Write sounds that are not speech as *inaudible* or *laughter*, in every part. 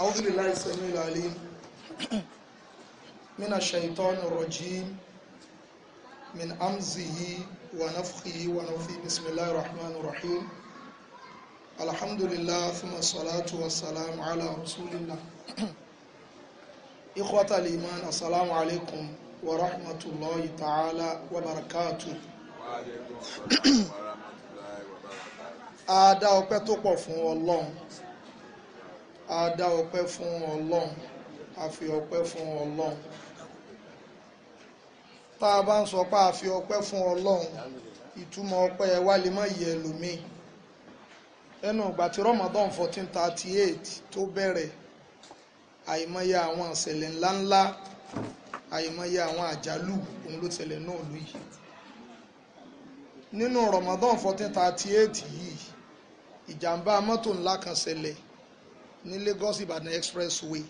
أعوذ بالله السميع العليم من الشيطان الرجيم من أمزه ونفخه ونفخه بسم الله الرحمن الرحيم الحمد لله ثم الصلاة والسلام على رسول الله إخوة الإيمان السلام عليكم ورحمة الله تعالى وبركاته وعليكم السلام ورحمة الله وبركاته أدا وبتوقف والله a dá ọpẹ́ fún ọlọ́run a fi ọpẹ́ fún ọlọ́run tá a bá ń sọ pé a fi ọpẹ́ fún ọlọ́run ìtumọ̀ ọpẹ́ wa lè má yẹ ẹlòmíì ẹnu ìgbà tí Ramadan fourteen thirty eight tó bẹ̀rẹ̀ àìmọye àwọn ìṣẹ̀lẹ̀ ńláńlá àìmọye àwọn àjálù òun ló ṣẹlẹ̀ náà ló nínú Ramadan fourteen thirty eight yìí ìjàmbá mọ́tò ńlá kan ṣẹlẹ̀ ní Lagos Ìbàdàn expressway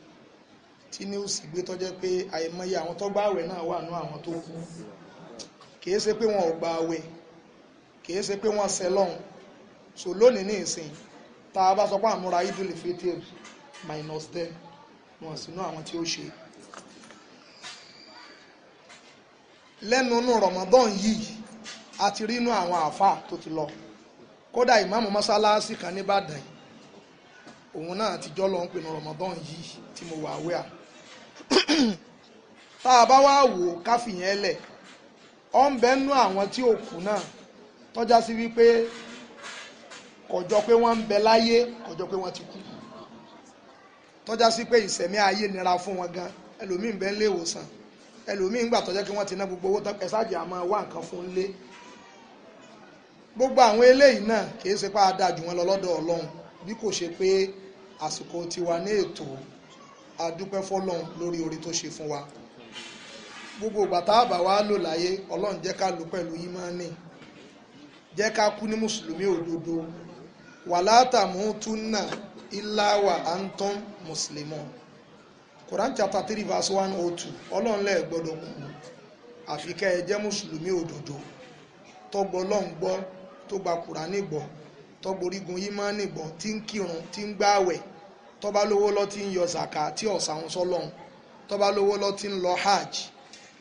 tí ní òsì gbé tó jẹ́ pé àìmọye àwọn tó gba àwẹ̀ náà wà nú àwọn tó kú kìí ṣe pé wọn ò gba àwẹ̀ kìí ṣe pé wọn ṣẹ lọ́hùn so lónìí ní ìsìn tá a bá sọ pé àmúra idili fitil minus ten wọn sínú àwọn tí ó ṣe. lẹ́nu inú Ramadan yìí a ti rí inú àwọn àáfàá tó ti lọ kódà ìmáàmù mọ́sálásí kan ní Ìbàdàn òun náà ti jọ́ lọ ń pinnu Ramadan yìí tí mo wà wíà *clears throat* tá a bá wá wò ó ká fìyẹn lẹ̀ ọ́ ń bẹ́nu àwọn tí ò kú náà tọ́já sí wípé kò jọ pé wọ́n ń bẹ láyé kò jọ pé wọ́n ti kú tọ́já sí pé ìsẹ̀mí ayé nira fún wọn gan ẹlòmíín bẹ́ẹ̀ ń lé ìwòsàn ẹlòmíín gbà tọ́já kí wọ́n ti ná gbogbo owó tán ẹ̀sáàjì àmọ́ wá nǹkan fún lé gbogbo àwọn eléyìí náà kì í ṣe pé a dáa jù wọn lọ lọ́dọ̀ Ọlọ́run bí kò ṣe pé àsìkò tiwa ní ètò adúpẹ́ fọ́lọ́run lórí orí tó ṣe fún wa gbogbo ìgbà tá a bá wá lò láyé ọlọ́run jẹ́ ká lò pẹ̀lú ìmánì jẹ́ ká kú ní mùsùlùmí òdodo wàlá tàmútúnà ìláwà anton muslimon Quran chapter three verse one oh two ọlọ́run lẹ́ẹ̀ gbọ́dọ̀ kú àfi kẹ́ ẹ jẹ́ mùsùlùmí òdodo tọgbọ́ ọlọ́run gbọ́ tó gba Quran nígbọ́ tọgbọ́ orígun ìmánì gbọ́ tí ń kírun tí ń gbààwẹ̀ tọ́ba lówó lọ ti ń yọ zaka tí ọ̀sàwọn sọlọ́run tọ́ba lówó lọ ti ń lọ hajj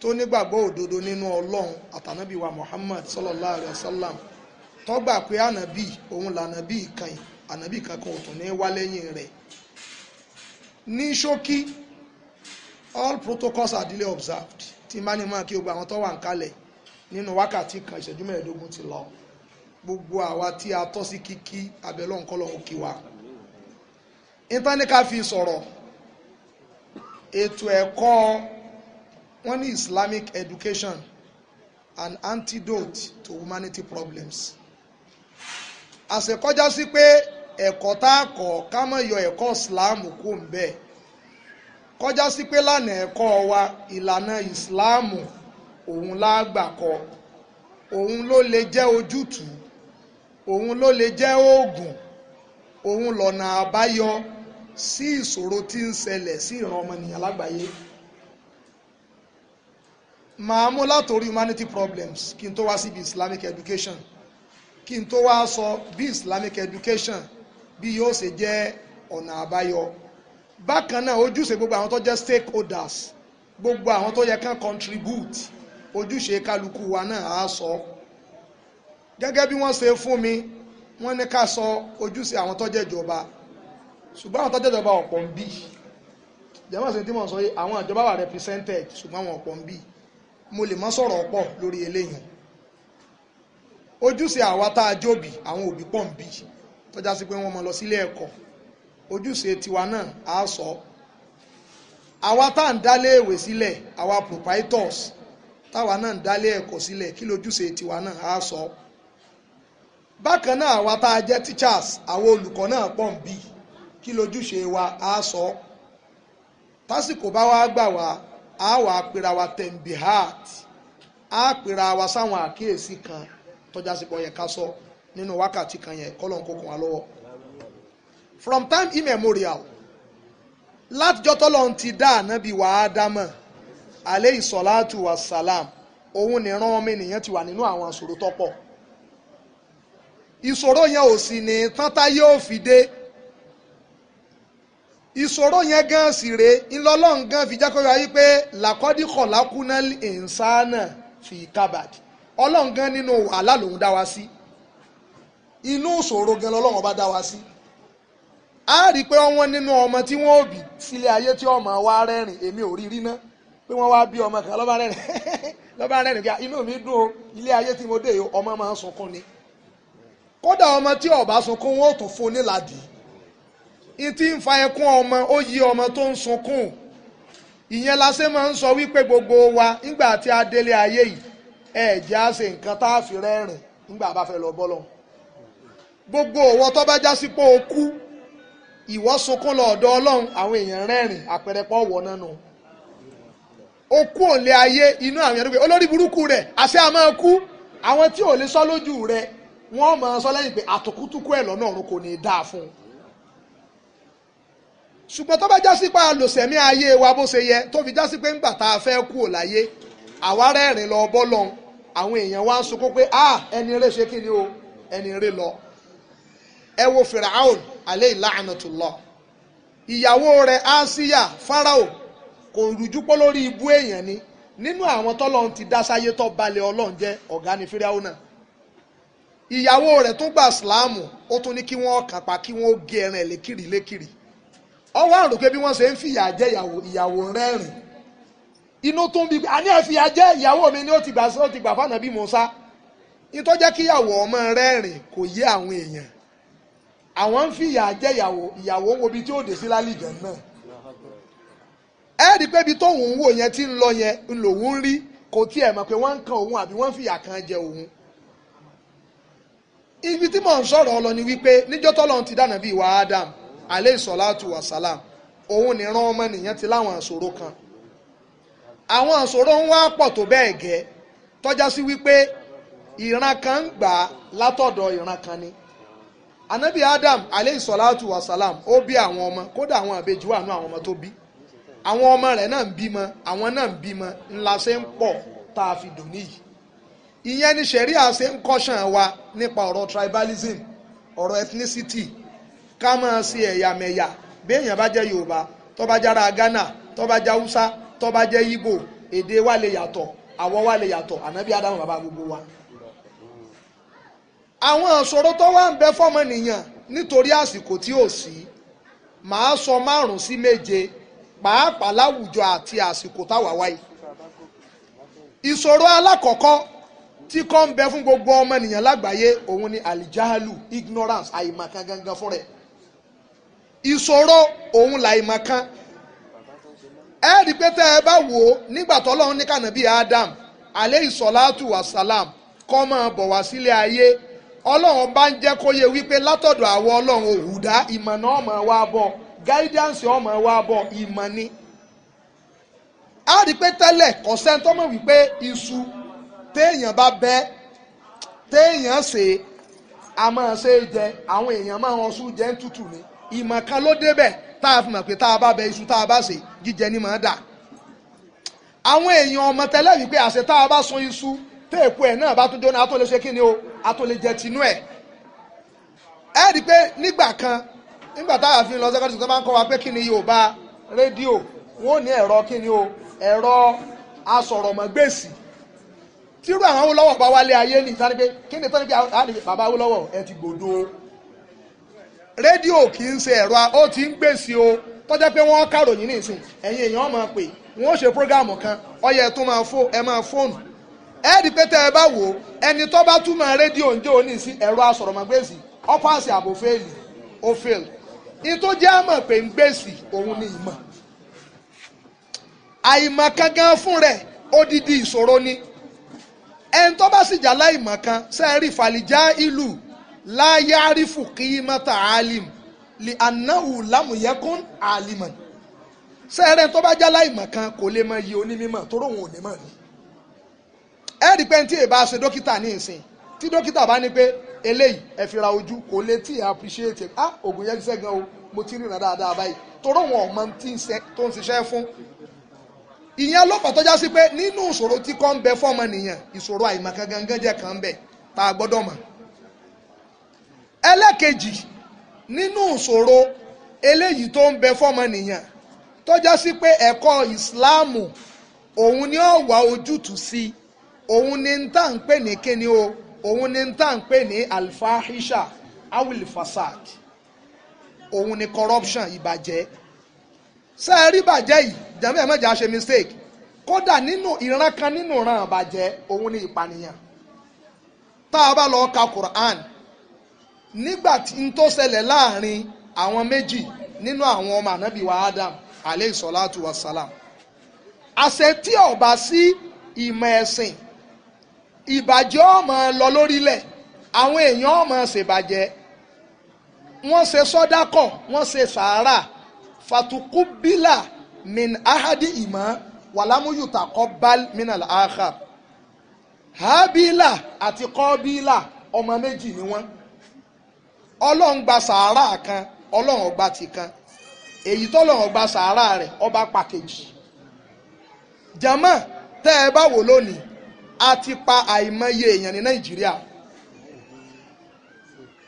tó nígbàgbọ́ òdodo nínú ọlọ́run àtànábì muhammad sallallahu alayhi wa sallam tọ́gbà pé ànábì òun lànábì kan ànábì kankan ò tún ní wá lẹ́yìn rẹ̀ ní ṣókí all protocols are observed tí n bá ní máa kí gbogbo àwọn tó wà ń kalẹ̀ nínú wákàtí kan ìṣẹ́jú mẹ́ẹ̀ẹ́dógún ti lọ gbogbo àwa tí a tọ́ sí kíkí abẹ́lọ́nkọ́lọ́ òkè wa intanika fi sọ̀rọ̀ ètò ẹ̀kọ́ wọn ní Islamic education an antidote to humanity problems àṣekọjá sí pé ẹ̀kọ́ tá a kọ́ ká má yọ ẹ̀kọ́ Islam kò ń bẹ́ẹ̀ kọjá sí pé lánàá ẹ̀kọ́ wa ìlànà Islam òun lágbà kọ́ òun ló lè jẹ́ ojútùú òun ló lè jẹ́ oògùn òun lọ́nà àbáyọ sí ìṣòro tí ń ṣẹlẹ̀ sí ìran ọmọnìyàn lágbàáyé màá mú látòrí humanity problems kí n tó wá síbi islamic education kí n tó wá sọ bí islamic education bí yóò ṣe jẹ́ ọ̀nà àbáyọ bákan náà ojúṣe gbogbo àwọn tó jẹ́ stakeholders gbogbo àwọn tó yẹ kán contribute ojúṣe kálukú wa náà á sọ gẹ́gẹ́ bí wọ́n ṣe fún mi wọ́n ní ká sọ ojúṣe àwọn tó jẹ́ ìjọba ṣùgbọ́n àwọn tọ́jọ́jọba ọ̀pọ̀ ń bì jẹ́mọ́ sí tí mo sọ yìí àwọn ìjọba wà represented ṣùgbọ́n àwọn ọ̀pọ̀ ń bì mo lè mọ́ sọ̀rọ̀ ọ̀pọ̀ lórí eléyìí ojúṣe àwa tá a jóbi àwọn òbí pọ̀ ń bì tọ́já sí pé wọ́n mọ lọ sílé ẹ̀kọ́ ojúṣe tiwa náà á sọ àwa tá à ń dálé ìwé sílẹ̀ àwa proprietors táwa náà ń dálé ẹ̀kọ́ sílẹ̀ kí lójúṣe tiwa náà á sọ bákan náà àwa tá a jẹ́ teachers àwọn olùkọ́ náà pọ̀ ń bì kí lójúṣe wa á sọ tásìkò bá wá gbà wá a wà pera wa tembihat á pera wa sáwọn àkíyèsí kan tọ́já sípò yẹ ká sọ nínú wákàtí kan yẹn kọ́lọ́n wa lọ́wọ́ from time immemorial látijọ́ tọ́lọ́n ti dá ànábì wa ádámọ̀ aleyhi sọ́láàtù wa salam, òun nìran ọmọ ènìyàn ti wà nínú àwọn àṣòro tọ́pọ̀ ìṣòro yẹn ò sì ní tán táyé ò fi dé ìṣòro yẹn gan sì rèé ńlọlọ́run gan fi jákòó wáyé pé làkọ́díkọ̀ lákúná ìǹsánà fi kábàdì ọlọ́run gan nínú wàhálà lòun dá wa sí inú ìṣòro gan lọ́lọ́run ọba dá wa sí a rí i pé wọ́n nínú ọmọ tí wọ́n ò bí sílé ayé tí ọmọ wa rẹ́rìn èmi ò rí rí ná pé wọ́n wá bí ọmọ kan lọ́ba rẹ́rìn lọ́ba *laughs* rẹ́rìn pé inú mi dùn ilé ayé tí mo dé yìí ọmọ máa ń sunkún ni kódà ọmọ tí ọba sunkún wọn ò tún fún nílàdìí ìtí ń fa ẹkún ọmọ ó yí ọmọ tó ń sunkún ìyẹn la ṣe máa ń sọ wípé gbogbo wa nígbà tí a délé ayé yìí ẹ jẹ́ á ṣe nǹkan tá a gbogbo òwò tó bá já sí pé o kú ìwọ sunkún lọ ọ̀dọ̀ ọlọ́run àwọn èèyàn rẹ́rìn àpẹẹrẹ pọ̀ wọ̀ o kú òǹlẹ̀ ayé inú àwọn èèyàn rẹ̀ olórí burúkú rẹ̀ àṣẹ a máa kú àwọn sọ lójú rẹ̀ wọ́n máa sọ lẹ́yìn pé àtòkútùkú ṣùgbọ́n tó bá já sí pa àlòsẹ̀mí ayé wa bó ṣe yẹ tó fi já sí pé ńgbà tá a fẹ́ kú ò láyé àwa rẹ́rìn lọ bọ́ lọ́n àwọn èèyàn wa ń sunkún pé ah ẹni rẹ ṣe kí ni o ẹni rẹ lọ ẹ wo firaun alẹ́ ìlànàtúlọ ìyàwó rẹ̀ asiya farao kò rújú pọ́ lórí ibú èèyàn ni nínú àwọn tọ́lọ́run ti dá sáyé balẹ̀ ọlọ́run jẹ́ ọ̀gá ni firaun náà ìyàwó rẹ̀ tún gba síláàmù ó tún ní kí wọ́n kàpá kí wọ́n gé ẹran ẹ̀ lékiri ọwọ́ àrùn pé bí wọ́n ṣe ń fìyà jẹ ìyàwó ìyàwó rẹ́rìn inú tún bí àní àfìyà jẹ ìyàwó mi ni ó ti gbà ó ti gbà fún ànábì Musa ìtọ́jẹ́ kíyàwó ọmọ rẹ́rìn kò yé àwọn èèyàn àwọn ń fìyà jẹ ìyàwó ìyàwó wo ibi tí ó dé sí lálìjẹ́ náà ẹ rí i pé ibi tóun ń wò yẹn ti ń lọ yẹn lòun ń rí kò tiẹ̀ mọ̀ pé wọ́n ń kan òun àbí wọ́n ń fìyà kan jẹ òun ibi tí mò ń sọ̀rọ̀ ọ lọ ni wípé níjọ́ tọ́lọ́run ti dá ànábì wa Adam alẹ́ ìsọ̀láàtù wàsálàm òun nìran ọmọnìyàn ti láwọn àṣòro kan àwọn àṣòro ń wá pọ̀ tó bẹ́ẹ̀ gẹ́ tọ́já sí wípé ìran kan ń gbà látọ̀dọ̀ ìran kan ni anabi adam alẹ́ ìsọ̀láàtù wàsálàm ó bí àwọn ọmọ kódà àwọn àbejì wà nú àwọn ọmọ tó bí àwọn ọmọ rẹ̀ náà ń bímọ àwọn náà ń bímọ ńlá ṣe ń pọ̀ tá a fi dùn níyì ìyẹn ni sẹ̀ríà ṣe ń kọ́ṣàn wa nípa ọ̀rọ̀ tribalism ọ̀rọ̀ ethnicity ká máa ṣe ẹ̀yàmẹ̀yà bí èèyàn bá jẹ́ yorùbá tó bá jára ghana tó bá jẹ́ haúsá jẹ́ ìgbò èdè wa lè yàtọ̀ àwọ̀ wa lè yàtọ̀ ànábì ádámù bàbá gbogbo wa. àwọn ìṣòro tó wà ń bẹ fọmọnìyàn nítorí àsìkò tí ò sí màá sọ márùn sí méje pàápàá láwùjọ àti àsìkò táwa wáyé. ìṣòro alákọ̀ọ́kọ́ tí kò ń bẹ fún gbogbo ọmọnìyàn lágbàáyé òun ni alijahalu ignorance àìmọ̀kan gangan fún rẹ̀ ìṣòro òun làìmọ̀ kan ẹ rí i pé tẹ́ ẹ bá wò ó nígbà tọ́lọ́run ní kànábì Adam alẹ́ ìsọ̀láàtù wàsálàm kọ́ máa bọ̀ wá sílé ayé ọlọ́run bá ń jẹ́ kó yẹ wípé látọ̀dọ̀ àwọn ọlọ́run òhùdá ìmọ̀nà ọmọ wa bọ̀ guidance ọmọ wa bọ̀ ìmọ̀ ni a rí i pé tẹ́lẹ̀ kò sẹ́ni tó mọ̀ wípé iṣu téèyàn bá bẹ́ téèyàn ṣe a máa ṣe jẹ àwọn èèyàn máa wọn sún jẹ ń tútù ni ìmọ̀ kan ló débẹ̀ tá a fi mọ̀ pé tá a bá bẹ iṣu tá a bá ṣe jíjẹ ni màá dà àwọn èèyàn ọmọ tẹ́lẹ̀ wípé àṣẹ tá a bá sun iṣu téèpo ẹ̀ náà bá tún jóná a tó lè ṣe kí ni o a tó lè jẹ tinú ẹ̀ ẹ rí i pé nígbà kan nígbà táwa fi lọ sẹ́kọ̀tì tó bá ń kọ́ wa pé kí ni Yorùbá rédíò wọn ò ní ẹ̀rọ kí ni o ẹ̀rọ asọ̀rọ̀mọ̀gbèsì tírú àwọn Awólọ́wọ̀ bá wálé ayé ní ìtàn pé kí ni tán ní pé bàbá Awólọ́wọ̀ ẹ ti gbòdo rédíò kì í ṣe ẹ̀rọ ó ti ń gbèsè o tọ́jà pé wọ́n kàròyìn nìsín ẹ̀yin èèyàn máa pè wọ́n ṣe prógáàmù kan ọyẹ tó máa fó ẹ máa fóònù ẹ rí pé tẹ́ ẹ bá wò ó ẹni tó bá túmọ̀ rédíò ń jẹ́ òní sí ẹ̀rọ asọ̀rọ̀mọ̀gbèsì ọ̀pọ̀ àṣẹ àbò fẹ́ẹ̀lì ó fẹ́ẹ̀lì ní tó jẹ́ àmọ̀ pé ń gbèsè ni ìmọ̀ àìmọ̀ kan gan fún odidi ìṣòro ni láyé àrífù kí mọ́tà alim lè anáhù lámùyẹ́kún alimọ̀n sẹ́rẹ̀ tó bá jálá ìmọ̀ kan kò lè mọ iye onímọ̀ tó ròhùn òní ni ẹ rí pé tí èèbá ṣe dókítà ní ìsìn tí dókítà bá ní pé eléyìí ẹ fi ra ojú kò lè tí ì appreciate ah oògùn yẹn ṣiṣẹ́ gan o mo ti rìnrìn dáadáa báyìí tó ròhùn ọ̀mọ tó ń ṣiṣẹ́ fún ìyẹn ló fà tọ́já sí pé nínú ìṣòro tí kò ń bẹ fọ́mọnìyàn ìṣòro àìmọ̀kan gangan jẹ́ kan ń bẹ tá a gbọ́dọ̀ mọ̀ ẹlẹ́kejì nínú ìṣòro eléyìí tó ń bẹ fọ́mọnìyàn tó já sí pé ẹ̀kọ́ ìsìláàmù òun ni ó wá ojútùú sí òun ni ń tà ń pè ní kíni o òun ni ń tà ń pè ní alfahisha awil fasad òun ni corruption ìbàjẹ́ ṣé ẹ rí bàjẹ́ yìí jẹ́mi ẹ̀ mọ̀jà ṣe mistake kódà nínú ìran kan nínú ìran àbàjẹ́ òun ni ìpànìyàn tá a bá lọ ka Quran nígbà tí n tó ṣẹlẹ̀ láàrin àwọn méjì nínú àwọn ọmọ ànábì wa Adam aleyhi salatu wa salam àṣẹ tí ọba sí ìmọ̀ ẹ̀sìn ìbàjẹ́ ọmọ lọ lórílẹ̀ àwọn èèyàn ọmọ ṣèbàjẹ́ wọ́n ṣe sọ́dákọ̀ wọ́n ṣe sàárà fatukubila min ahadi ìmọ̀ wàlámúyùtà kọ́bal minal akhar habila àti kọ́bílà ọmọ méjì ni wọ́n ọlọ́run gba sàárà kan ọlọ́run ọgbà ti kan èyí tọ́lọ́run ọgbà sàárà rẹ̀ ọba pàkejì jama tẹ́ ẹ bá wò lónìí a ti pa àìmọye èèyàn ní nàìjíríà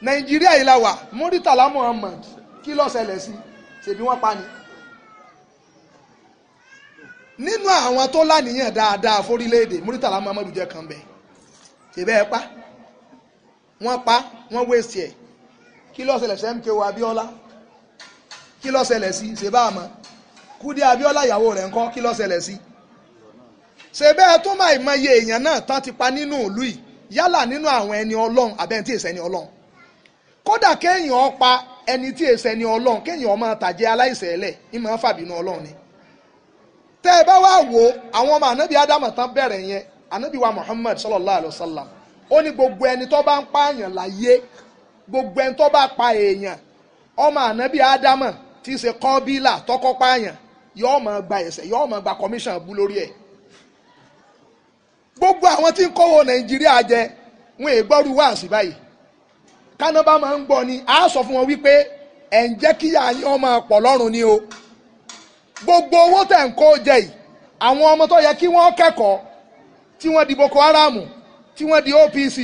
nàìjíríà yìí la wà muritala muhammad kí ló ṣẹlẹ̀ sí ṣèbí wọ́n pa ni nínú àwọn tó lánìyàn dáadáa fórílẹ̀-èdè muritala muhammad jẹ́ kan bẹ́ẹ̀ ṣèbẹ́ ẹ pa wọ́n pa wọ́n wéṣì ẹ̀ kí ló ṣẹlẹ̀ sí MKO Abíọ́lá kí ló ṣẹlẹ̀ sí ṣèbá àmọ́ Kúdí Abíọ́lá ìyàwó rẹ̀ ńkọ́ kí ló ṣẹlẹ̀ sí. ṣe bẹ́ẹ̀ tó máa mọ iye èèyàn náà tán ti pa nínú ìlú yìí yálà nínú àwọn ẹni ọlọ́run àbẹ́ntì ìṣẹ́ni ọlọ́run kódà kéèyàn ó pa ẹni tí èsẹ ni ọlọ́run kéèyàn ọmọ tàjẹ́ aláìsẹ̀ ẹlẹ̀ ìmọ̀ fàbínú ọlọ́run ni. tẹ́ ẹ Muhammad sallallahu alayhi wa sallam ó ní gbogbo ẹni tó bá ń gbogbo ẹni tó bá pa èèyàn ọmọ ànábì ádámà tí í ṣe kọ́bílà tọkọ pààyàn yóò máa gba ẹ̀sẹ̀ yóò máa gba commission bú lórí ẹ̀ gbogbo àwọn tí ń kówó nàìjíríà jẹ wọn è gbọ́rú wáàsí báyìí kánábà máa ń gbọ́ ni a sọ fún wọn wípé ẹ̀ ń jẹ́ kíyà yín ọmọ pọ̀ lọ́rùn ni o gbogbo owó tẹ̀ ń kó jẹ yìí àwọn ọmọ tó yẹ kí wọ́n kẹ́kọ̀ọ́ tí wọ́n di Boko Haram tí wọ́n di OPC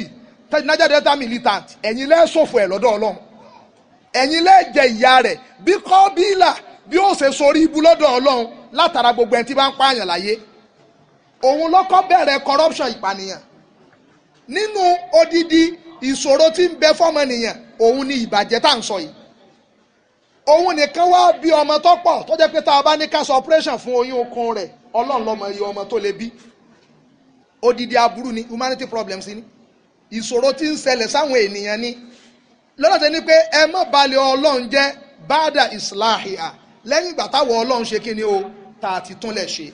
Niger Delta militant ẹ̀yin lẹ́ ṣòfò ẹ̀ lọ́dọ̀ ọlọ́run ẹ̀yin lẹ́ jẹ ìyá rẹ̀ bí kọ́ bílà bí ó ṣe sorí ibu lọ́dọ̀ ọlọ́run látara gbogbo ẹni tí bá ń pààyàn láyé òun lọ́kọ́ bẹ̀rẹ̀ corruption ìpànìyàn nínú odidi ìṣòro tí ń bẹ fọ́mọnìyàn òun ni ìbàjẹ́ tá à ń sọ yìí òun nìkan wá bí ọmọ tó pọ̀ tó jẹ́ pé tá a bá ní ká operation fún oyún okun rẹ̀ ọlọ́run lọ́mọ iye ọmọ tó le bí odidi aburú ni humanity problems ni ìṣòro tí ń ṣẹlẹ̀ sáwọn ènìyàn ni lọ́dọ̀ tẹ ní pé ẹ má balẹ̀ ọlọ́run jẹ́ báàdà ìsìláhìá lẹ́yìn ìgbà táwọn ọlọ́run ṣe kí ni o tá a ti túnlẹ̀ ṣe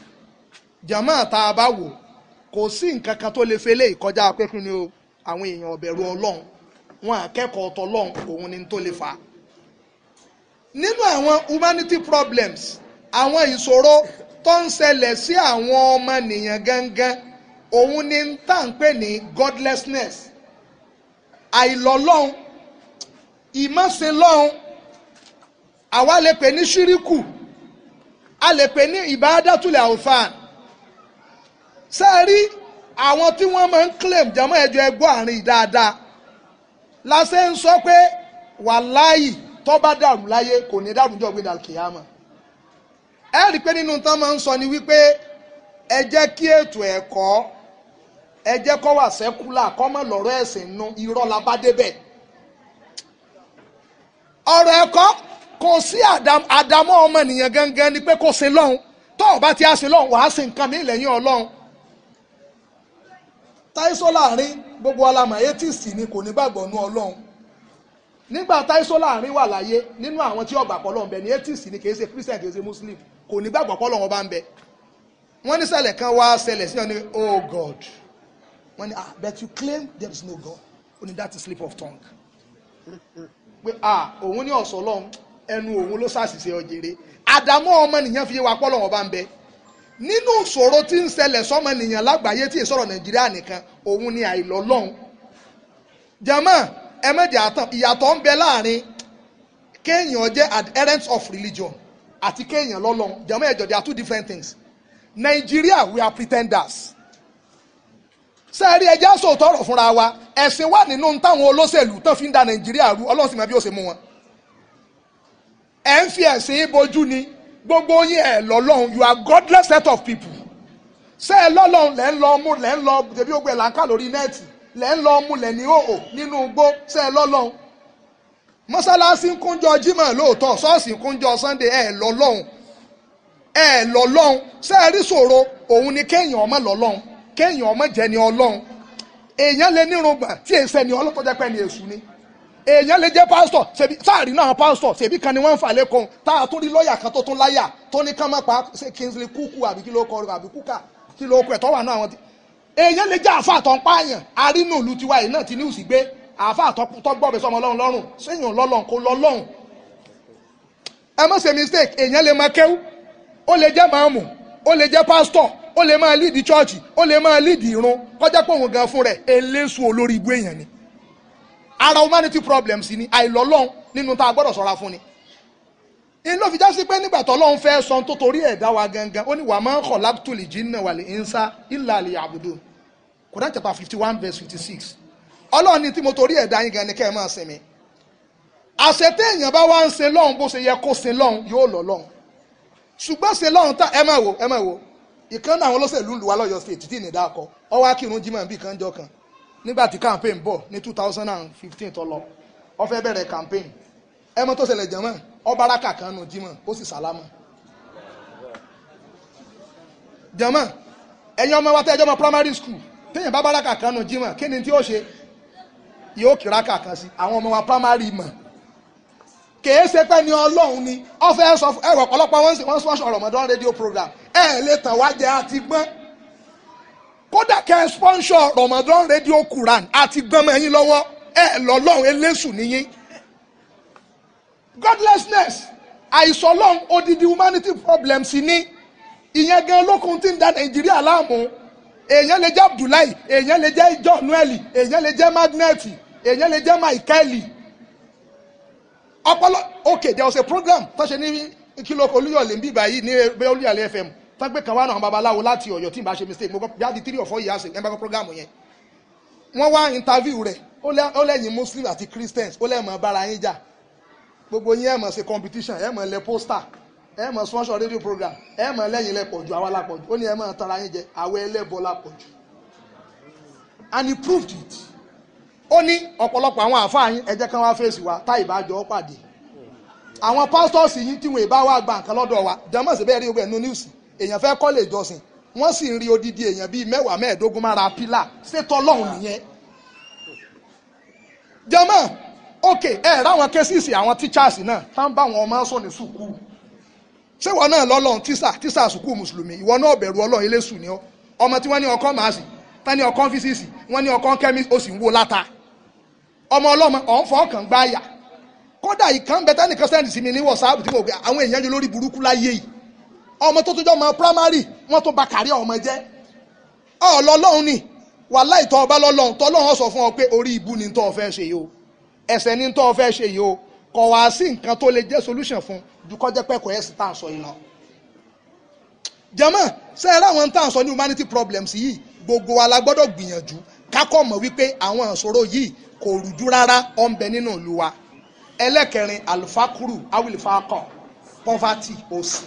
jàmọ́ tá a bá wò kò sí nǹkan kan tó lè fẹlẹ̀ ìkọjá pé kí ni o àwọn èèyàn ọ̀bẹ̀rù ọlọ́run wọn akẹ́kọ̀ọ́ tọlọ́run òun ni tó lè fà nínú àwọn humanity problems àwọn ìṣòro tó ń ṣẹlẹ̀ sí àwọn ọmọ nìyàn gangan òun ni ń tà ń pè ní godlessness àìlọ́lọ́hun ìmọ̀sẹ̀lọ́hun àwa lè pè ní ṣíríkù a lè pè ní ìbádàtúlẹ̀ àwòfàn sẹ́ẹ̀rí àwọn tí wọ́n máa ń claim jẹ́mọ́ ẹ̀jọ̀ ẹgbọ́ àárín dáadáa lásẹ̀ ń sọ pé wàláyì tó bá dàrú láyé kò ní dàrú jọ gbéra kìámà ẹ rí i pé nínú tán máa ń sọ ni wípé ẹ jẹ́ kí ètò ẹ̀kọ́ ẹ jẹ́ kọ́ wà sẹ́kúlà kọ́ mọ̀ lọ́rọ̀ ẹ̀sìn nu irọ́ la bá débẹ̀ ọ̀rọ̀ ẹ̀kọ́ kò sí àdámọ́ ọmọnìyàn gangan ni pé kò sin lọ́hùn tó o bá ti á sin lọ́hùn wàá sin nǹkan mi lẹ́yìn ọlọ́hun táìsọ́ láàrin gbogbo alamọ̀ eighties ni kò ní gbàgbọ́ nú ọlọ́hun nígbà táìsọ́ láàrin wà láyé nínú àwọn tí ọgbà pọ̀ lọ́hùn bẹ̀ ni eighties ni kì í ṣe christian kì í ṣe muslim kò ní gbàgbọ́ pọ̀ lọ́hùn ọba ń bẹ wọ́n ní ṣẹlẹ̀ kan wá ṣẹlẹ̀ sí ọ ní oh god wọ́n ní ah but you claim there is no God Only ní that is slip of tongue pé ah òun ní ọ̀sọ̀ lọ́hún ẹnu òun ló ṣàṣìṣe ọ̀jẹ̀rẹ̀ àdámọ́ ọmọnìyàn fi wá pọ́lọ̀ wọn bá ń bẹ nínú ìṣòro tí ń ṣẹlẹ̀ sọmọnìyàn lágbàáyé tí ìṣòro nàìjíríà nìkan òun ni àìlọ́lọ́hún jẹ́mọ́ ẹ mẹ́jẹ̀ àtàn ìyàtọ̀ ń bẹ láàrin kéèyàn jẹ́ adherents of religion àti kéèyàn lọ́lọ́hún jẹ́mọ́ there are two different things Nigeria we are pretenders sẹ́ẹ̀rí ẹja sòótọ́ ọ̀rọ̀ fúnra wa ẹ̀sìn wà nínú táwọn olóṣèlú tán fi ń da nàìjíríà rú ọlọ́run sì mọ bí ó ṣe mú wọn. ẹ̀ ń fi ẹ̀sìn bojú ni gbogbo yín ẹ̀ lọ́lọ́run you are godless set of people. ṣé ẹ lọ́lọ́run lẹ́ ń lọ mú lẹ́ ń lọ débi ó gbé làǹkà lórí nẹ́ẹ̀tì lẹ́ ń lọ mú lẹ́ ní òhò nínú igbó ṣé ẹ lọ́lọ́run. mọ́sálásí ń kúnjọ jímọ̀ lóòótọ́ ṣọ́ọ̀ṣì ń kúnjọ sunday ẹ̀ lọ́lọ́run ẹ̀ lọ́lọ́run ṣé ẹ rí ṣòro òun ni kéèyàn ọmọ lọ́lọ́run kéèyàn ọmọ jẹ́ ni ọlọ́run èèyàn lè nírùngbà tí èsẹ̀ ni ọlọ́run tó jẹ́ pẹ́ ni èṣù ni èèyàn lè jẹ́ pásítọ̀ ṣèbí sáàrí náà pásítọ̀ ṣèbí kan ni wọ́n ń fà lẹ́kọ̀ọ́ tá a tún rí lọ́ọ̀yà kan tó tún láyà tó ní kán má pa ṣe Kingsley kúkú àbí kí ló kọ àbí kúkà kí ló kọ ẹ̀ tó wà náà wọn ti. èèyàn lè jẹ́ àfa àtọ̀ ń pààyàn arínú ìlú tiwa yìí náà ti ní òsì gbé àfa àtọ̀ tó gbọ́ bẹ̀ sọmọ lọ́run lọ́rùn séèyàn lọ́lọ́run kò lọ́lọ́run. ẹ má ṣe mistake èèyàn lè máa kéwú ó lè jẹ́ máàmù ó lè máa lídìí chọ́ọ̀chì ó lè máa lídìí irun kọjá pé òun gan fún rẹ̀ eléṣu olórí ibú èèyàn ni ara humanity problems ni àìlọ́lọ́run nínú tá a gbọ́dọ̀ sọ́ra fún ni in ló fi já sí pé nígbà tó lọ́n fẹ́ sọ tó torí ẹ̀dá wa gangan ó ní wà máa ń kọ̀ lápútùlì jìnnà wà lè ń sá ìlà àlè àbùdó Quran chapter fifty one verse fifty six ọlọ́run ní tí mo torí ẹ̀dá yín gan ni kẹ́ ẹ máa sinmi àṣetẹ èèyàn bá wá ń sin lọ́hùn bó ṣe yẹ kó sin lọ́hùn yóò lọ lọ́hùn ṣùgbọ́n sin lọ́hùn tá ẹ máa wò ẹ máa wò ìkan náà àwọn olóṣèlú ń lu wa lọ́yọ̀ state tí ìnìdá kọ ọwọ́ akírun jimá bíi kan jọ kan nígbà tí campaign bọ̀ ní two thousand and fifteen tó lọ ó fẹ́ bẹ̀rẹ̀ campaign ẹ mọ̀ tó ṣẹlẹ̀ jẹ́mọ̀ ó baraka kan nu jimá ó sì sálámà. jẹ́mọ̀ ẹ̀yin ọmọ wa tẹ́ ẹjọ́ mọ primary school téèyàn bá baraka kan nu jimá kí ni tí ó ṣe yóò kíra kàkan sí àwọn ọmọ wa primary mọ̀ kèé ṣe pẹ́ ni ọlọ́run ni ó fẹ́ sọ ẹ̀rọ ọ̀pọ̀lọpọ̀ wọ́n sọ ọ̀rọ̀ mọ́dán rédíò program ẹ̀ lè tàn wá jẹ àti gbọ́n kódà kẹ́ ẹ Ramadan Radio Quran àti gbọ́n mọ́ ẹ̀yìn lọ́wọ́ ẹ̀ lọ́lọ́run eléṣù nìyí godlessness àìsàn ọlọ́run odidi humanity problems ni ìyẹn gan lókun tí ń da Nàìjíríà láàmú èèyàn lè jẹ́ Abdullahi èèyàn lè jẹ́ John noeli èèyàn lè jẹ́ Magnet èèyàn lè jẹ́ Michaeli ọpọlọ ok there was a program tó ṣe ní kí lóko olúyọ̀lé ń bíbá yìí ní olúyọ̀lé FM tọ́gbẹ́ kan wá náà babaláwo láti ọ̀yọ́ tí n bá ṣe mistake mo kọ́ jáde three or four years ago ẹ̀ bá kọ́ program yẹn wọ́n wá interview rẹ̀ ó lẹ́yìn muslim àti christians ó lẹ́mọ̀ bára yín jà gbogbo yín ẹ máa ṣe competition ẹ máa lẹ poster ẹ máa sponsor radio program ẹ máa lẹ́yìn lẹ́pọ̀jù àwa lápọ̀jù ó ní ẹ máa tara yín jẹ àwa ẹlẹ́bọ lápọ̀jù and he proved it ó ní ọ̀pọ̀lọpọ̀ àwọn àáfàá yín ẹ jẹ́ kí wọ́n fèsì wa tá ìbájọ́ pàdé àwọn pastors yín tí wọ́n ìbá wa gba nǹkan lọ́dọ̀ wa jẹ́mọ̀ sí bẹ́ẹ̀ rí ogun ẹ̀ nínú níwùsì èèyàn fẹ́ kọ́lé ìjọsìn wọ́n sì ń rí odidi èèyàn bíi mẹ́wàá mẹ́ẹ̀ẹ́dógún mára pílà ṣètò ọlọ́run nìyẹn. jama ok ẹ ráwọn kẹ́sìsì àwọn tíṣàsì náà tá ń bá àwọn ọmọ sọ ní sùkúù ṣéwọ náà lọ́lọ́run tíṣà tíṣà sùkúù mùsùlùmí ìwọ náà bẹ̀rù ọlọ́run eléṣù ni ọ ọmọ tí wọ́n ní ọkọ màásì tá ní ọkọ físíìsì wọ́n ní ọkọ kẹ́mí ó sì ń wo láta ọmọ ọlọ́mọ ọ̀nfọ̀ kan gbáyà kódà ìkànnbẹ́tẹ́nìkan sẹ́ndì sí mi ní wọ̀sáàbù tí mo gbé àwọn èèyàn yẹn lórí burúkú láyé yìí ọmọ tó tún jọ ọmọ primary wọ́n tún ba kárí ọmọ jẹ́ ọlọ́lọ́hún ni wàhálà ìtọ́ ọba lọ́lọ́hún tọ́lọ́hún sọ fún ọ pé orí ibú ni tọ́ ọ fẹ́ ṣe yìí o ẹsẹ̀ ni tọ́ ọ fẹ́ ṣe yìí o kọ̀ wá sí nǹkan tó lè jẹ́ solution fún ju kọ́jẹ́ pẹ́kọ̀ ẹ̀ sì tá à ń sọ yìí lọ. jẹ́mọ̀ ṣe é ráwọn tá à ń sọ ní humanity problems yìí gbogbo wa la gbọ́dọ̀ gbìyànjú kákọ́ mọ̀ wípé àwọn ìṣòro yìí kò rújú rárá ọ̀ ń bẹ nínú ìlú wa ẹlẹ́kẹrin alufakuru awilifakọ poverty òsì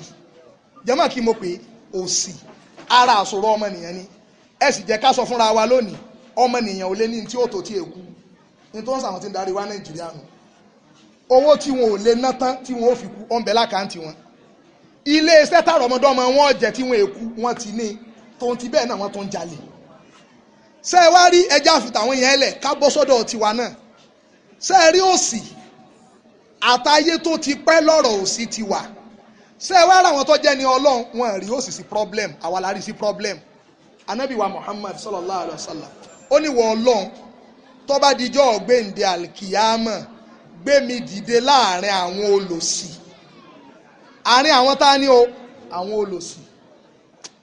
jẹ́mọ̀ kí mo pè òsì ara àsòrò ọmọnìyàn ni ẹ sì jẹ́ ká sọ fúnra wa lónìí ọmọnìyàn ò lé ní tí ó tó tí èkú ní tó ń sàwọn tí ń darí wá nàìjíríà nù owó tí wọn ò lè ná tán tí wọn ò fi kú ọ̀nbẹ lákàntì wọn ilé iṣẹ́ tààrọ̀ ọmọdọ́mọ wọn jẹ́ tí wọn èkú wọn ti ní tòun ti bẹ́ẹ̀ náà wọn tó ń jalè ṣé ẹ wá rí ẹja àfitàwọn yẹn lẹ̀ ká bọ́ sọ́dọ̀ tiwa náà ṣé ẹ rí òsì àtayé tó ti pẹ́ lọ́rọ̀ òsì ti ṣé ẹ wá ra àwọn tó jẹ́ ni ọlọ́run wọn rí ó sì sí problem àwa la rí sí problem anabi muhammad sallallahu alayhi wa sallam ó ní wọ ọlọ́run tó bá dijọ́ ọ̀gbẹ́ǹde alkiyama gbé mi dìde láàrin àwọn olòṣì àárín àwọn tá a ní o àwọn olòṣì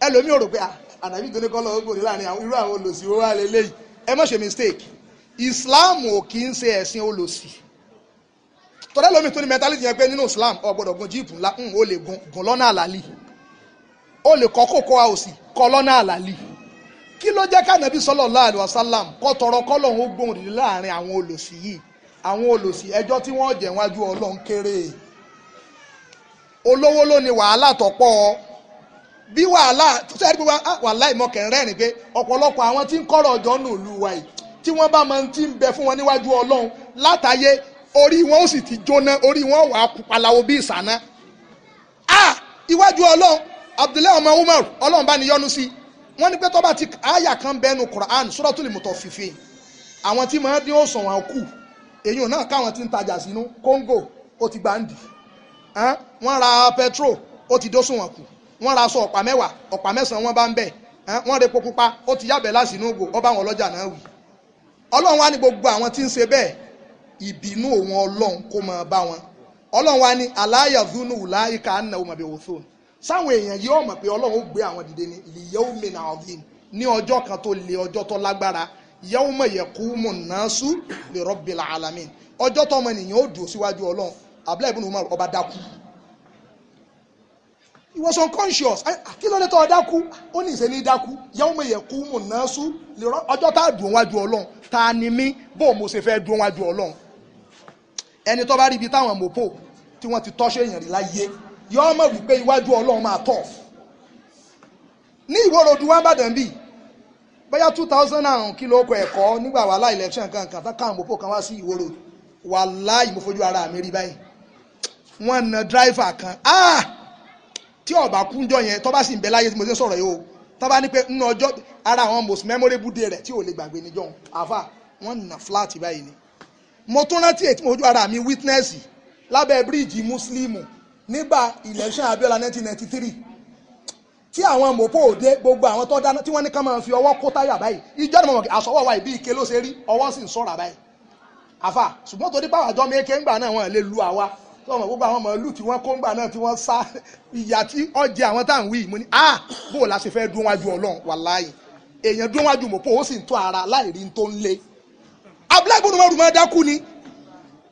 ẹlòmíì ò rò pé ah, ànàbí tó ní kọ́ lọ́wọ́ gbòdì láàrin irú àwọn olòṣì ó wà lélẹ́yìí ẹ má ṣe mistake islam ò kì í ṣe ẹ̀sìn olòṣì tọ́lá lómi tó ní mentality yẹn pé nínú Islam o gbọ́dọ̀ gun jíìpù ńlá ń o lè gun gun lọ́nà àlàlì o lè kọ́ kókó a ò sì kọ́ lọ́nà àlàlì kí ló jẹ́ kánàbí sallallahu alaihi wasallam kọ́ tọrọ kọ́lọ́hún ó gbóhùn dìde láàrin àwọn olòṣì yìí àwọn olòṣì ẹjọ́ tí wọ́n jẹ̀ wájú Ọlọ́run kéré olówó ló ní wàhálà tọ́pọ̀ bí wàhálà sẹ́ẹ̀dì pé ah, wàhálà ìmọ̀kẹ́ rẹ́rìn pé ọ̀pọ̀lọpọ̀ àwọn tí ń kọ́rọ̀ ọjọ́ nù lù wáyé tí wọ́n bá máa ń ti ń bẹ fún wọn níwájú Ọlọ́run látàyé orí wọn ó sì ti jóná orí wọn wà á palawo bí ìsáná a iwájú ọlọ́run abdullahi ọmọ umar ọlọ́run bá ní yọ́nú sí wọ́n ní pé tọ́ba ti àyà kan bẹ́nu quran suratul mutaffifin àwọn tí màá dín òsàn wọn kù èyàn náà káwọn ti ń tajà sínú kóńgò ó ti gbàǹdì wọ́n ra petrol ó ti dósùn wọn kù wọ́n ra aṣọ ọ̀pá mẹ́wàá ọ̀pá mẹ́sàn-án bá ń bẹ̀ wọ́n repo pupa ó ti yàbẹ̀ láti inú ògò ọba àwọn ọlọ́jà náà wì ọlọ́run wá ní gbogbo àwọn tí ń ṣe bẹ́ẹ̀ ìbínú òun ọlọ́run kó máa bá wọn ọlọ́run wa ní aláyàzúnú láyìíká àná òun àbẹ̀wò sóun sáwọn èèyàn yìí ọmọ pé ọlọ́run ó gbé àwọn dìde ní lìyẹ́wò mìnà ọ̀dín ní ọjọ́ kan tó le ọjọ́ tó lágbára yẹ́wò mọ̀ yẹ kú mọ̀ náà sú lè rọ́bìlà alamin ọjọ́ tó ọmọ nìyẹn ó dùn síwájú ọlọ́run abúlé ìbùnú umar ọba dákú he was unconscious kí ló dé tó dákú ó ní ìṣe ní dákú yẹ́wò mọ̀ yẹ kú mọ̀ náà sú ọjọ́ tá a dùn wájú ọlọ́run ta ni mí bó mo ṣe fẹ́ dùn wájú ọlọ́run ẹni tó bá rí ibi táwọn mọ̀pò tí wọ́n ti tọ́ṣọ èèyàn rí láyé yóò mọ̀ wípé iwájú ọlọ́run máa tọ̀ ní ìwọ́rọ̀dù wa bàdàn bíi bóyá two thousand and kí ló kọ ẹ̀kọ́ nígbà wàhálà election kan kan táwọn mọ̀pò kan wá sí ìwọ́rọ̀dù wàláì mo fojú ara mi rí báyìí wọ́n na dráìfà kan ah tí ọba kúnjọ yẹn tọ́ba sì ń bẹ láyé tí mo ti ń sọ̀rọ̀ yìí o tọ́ba ní pé nínú ọjọ́ ara àwọn most memorable day rẹ̀ tí ò lè gbàgbé níjọ́ àfà wọ́n na flat báyìí ni mo tún rántí èyí tí mo ojú ara mi wítínẹ́sì lábẹ́ bíríìjì mùsùlùmù nígbà election Abiola 1993 tí àwọn mọ̀pọ̀ òde gbogbo àwọn tó dáná tí wọ́n ní ká máa fi ọwọ́ kó táyà báyìí ìjọ ni mo mọ̀ kí àsọwọ́ wa ìbí ike ló ṣe rí ọwọ́ sì ń sọ̀rọ̀ báyìí àfà ṣùgbọ́n torí báwa jọ mi kéńgbà náà wọ́n lè lu àwa tí wọ́n mọ̀ gbogbo àwọn mọ̀lú tí wọ́n kóńgbà náà tí wọ́n sá ìyà tí ọjẹ àwọn tá à ń wí mo ní ah bó o la ṣe fẹ́ dún wájú Ọlọ́run wàláyé èèyàn dún wájú mọ̀pọ̀ ó sì ń tó ara láì rí ń tó ń lé abúlé ìbùnú mẹ́rù máa dákú ni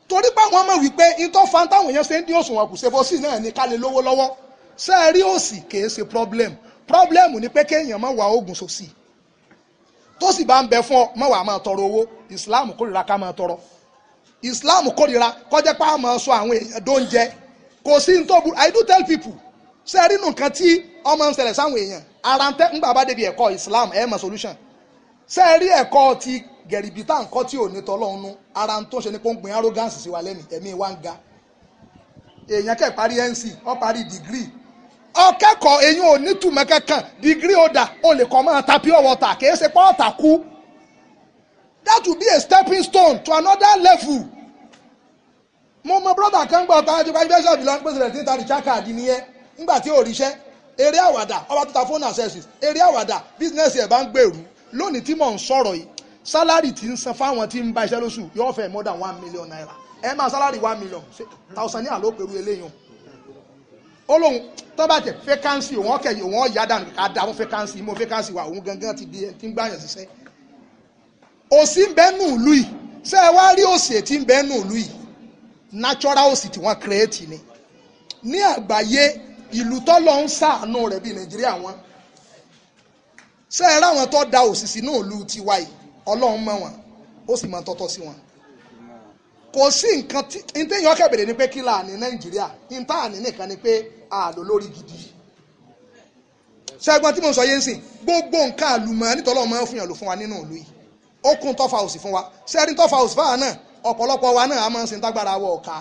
torí pé àwọn ọmọ wípé itọ́ fan táwọn èèyàn ṣe ń dín òṣùwọ̀n kù ṣẹbọ sí náà ní ká lè lówó lọ́wọ́ sẹ́ẹ̀rí òsì kìí ṣe problem problem ni pé kéèyàn má wà oògùn sòsì tó sì bá ń bẹ fún ọ má wà máa tọrọ owó Islam kórìíra ká máa tọrọ Islam kórìíra kọjá pé a máa sọ àwọn èèyàn dóúnjẹ kò sí ní tó I do tell people sẹ́ẹ̀rí nǹkan tí ọmọ ń ṣẹlẹ̀ sáwọn èèyàn ara ń tẹ́ ń bàbá débi ẹ̀kọ́ Islam ẹ̀ mọ̀ solution sẹ́ẹ̀rí ẹ̀kọ́ ti gẹ̀rìbìtà nǹkan tí ò ní tọ́lọ́run nú ara tó ṣe ni pé ó ń gbin arrogance sí wa lẹ́nu ẹ̀mí wa ń ga èèyàn kẹ́ parí nc ó parí degree ọkẹ́kọ̀ọ́ èyàn ò ní túmọ̀ kankan degree ọ̀dà o lè kọ́ máa ta pure water kì ṣe pọ́ọ̀tà kú that will be a stepping stone to another level mo mọ brọ́dà kan gbọ́ ọ̀tá ajọba ibi ẹ̀ṣọ́ ìbílẹ̀ pẹ̀sẹ̀ tí ń ta rìṣà káàdì nìyẹn nígbà tí ò ríṣẹ́ eré àwàdà ọba tó ta phone accessories eré àwàdà business ẹ̀ bá ń gbèrú lónìí tí mò ń sọ̀rọ̀ yìí sálárì tí ń san fáwọn tí ń bá iṣẹ́ lóṣù yóò fẹ́ more than one million naira ẹ máa sálárì one million thousand naira ló pẹ̀lú eléyìí ó lóun tó bá jẹ fẹkánsì òun ọkẹ òun ọyà dànù ká da fún fẹkánsì mo fẹkánsì wà òun gangan ti di ẹni tí ń gbàyàn ṣiṣẹ́ òsì ń bẹ nù ìlú yìí ṣé ẹ wá rí òsì tí ń bẹ nù ìlú yìí natural òsì tí wọ́n kírẹ́ẹ̀tì ni ní àgbáyé ìlú tó lọ ń ṣàánú rẹ̀ bíi nàìjíríà wọn ṣé ẹ ráwọn tó da òsì sínú ìlú tiwa yìí ọlọ́run mọ̀ wọ́n ó sì mọ̀ tọ́tọ́ sí wọn kò sí nǹkan tí ntẹ́yìn ọkẹ́ bèrè ni pé kí la ní nàìjíríà níta àní nìkan ni pé àlò lórí gidi ṣẹ́gbọ́n tí mo sọ yé ń sìn gbogbo nǹkan àlùmọ́ nítorí ọmọ fún yàn ló fún wa nínú ìlú yìí ó kún tọ́fà òsì fún wa sẹ́rin tọ́fà òsì fáwọn náà ọ̀pọ̀lọpọ̀ wa náà a máa ń sin tágbára wọ ọ̀ka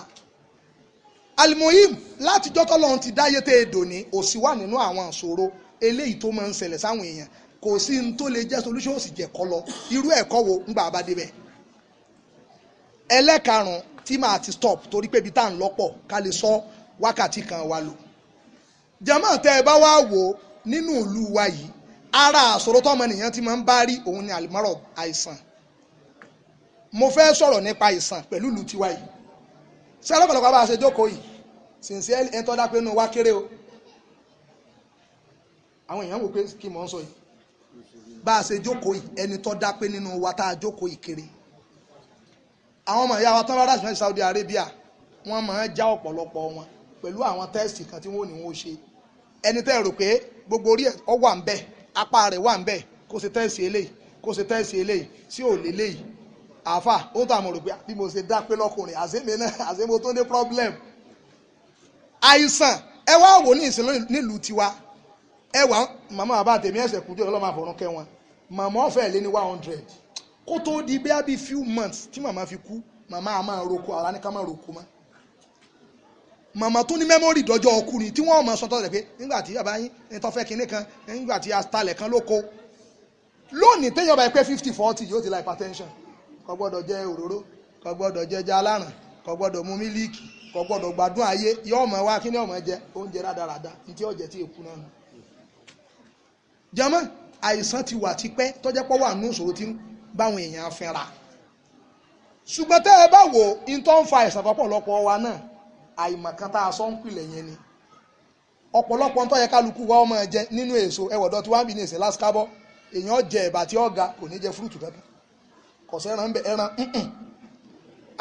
alimoyim látijọ́ tọ́lọ́run ti dáyé tẹ́ èdò ní kò sí ní tó lè jẹ́ solution òsì jẹ̀kọ́ lọ irú ẹ̀kọ́ wo ń gbà bá débẹ̀ ẹlẹ́karùn-ún tí màá ti stop torí pé ibi tá à ń lọ́pọ̀ ká lè sọ wákàtí kan wa lò jama tẹ ẹ bá wá wò nínú ìlú wa yìí ara àsọ̀rọ̀ tọmọnìyàn ti máa ń bá rí òun ni àlùmọ́rọ̀ àìsàn mo fẹ́ sọ̀rọ̀ nípa àìsàn pẹ̀lú ìlú tiwa yìí ṣé ọlọ́pàá bá a ṣe jókòó yìí sincere ẹni tọ́ dá pé inú wa kéré o àwọn èèyàn wò pé kí mò ń sọ yìí bá a ṣe jókòó yìí ẹni tó dápé nínú wa tá a jókòó yìí kiri àwọn ọmọ ìyá wa tán rárá ìsúná Saudi Arabia wọ́n máa ń já ọ̀pọ̀lọpọ̀ wọn pẹ̀lú àwọn tẹ́sì kan tí wọ́n ò ní wọ́n ṣe ẹni tẹ́ rò pé gbogbo orí ẹ̀ ọ wà ń bẹ̀ apá rẹ̀ wà ń bẹ̀ kó ṣe tẹ́sì eléyìí kó ṣe tẹ́sì eléyìí sí òlé léyìí àáfà ó tà mọ̀ rò pé bí mo ṣe dápé lọ́kùnrin àṣemẹ náà *laughs* àṣemọ tó ní problem àìsàn ẹ wá wò ní ìsìn nílùú tiwa ẹwà màmá bàbá àtẹ̀mí ẹ̀sẹ̀ kú díẹ̀ ọlọ́mọ àfọ̀rún wọn màmá ọ̀fẹ́ lé ní one hundred kó tó di bí few months tí màmá fi kú màmá a máa roko ara ní ká máa roko ma. màmá tún ní dọjọ dọ́jọ́ ọkùnrin tí wọ́n mọ̀ sọ́tọ̀ rẹ pé nígbà tí kan nígbà tí kan ló kó lónìí téèyàn bá pé fifty forty yóò ti la hypertension jẹ òróró jẹ mu ayé wá kí ni ọmọ jẹ oúnjẹ jama àìsàn ti wà tipẹ́ tọ́jẹ́ pọ́ wà nù sòrò tí ń báwọn èèyàn fẹ́ra ṣùgbọ́n tẹ́ ẹ bá wò in tó ń fa àìsàn pọ̀pọ̀lọpọ̀ wa náà àìmọ̀kan tá a sọ ń pìlẹ̀ yẹn ni ọ̀pọ̀lọpọ̀ ń tọ́yẹ kálukú wa ọmọ jẹ nínú èso ẹwọ̀dọ̀ tí wọ́n bí ní ìsìn lásìkábọ̀ èèyàn jẹ ẹ̀bà tí ó ga kò ní jẹ fúrúùtù kankan kò sẹ́ran ń bẹ ẹran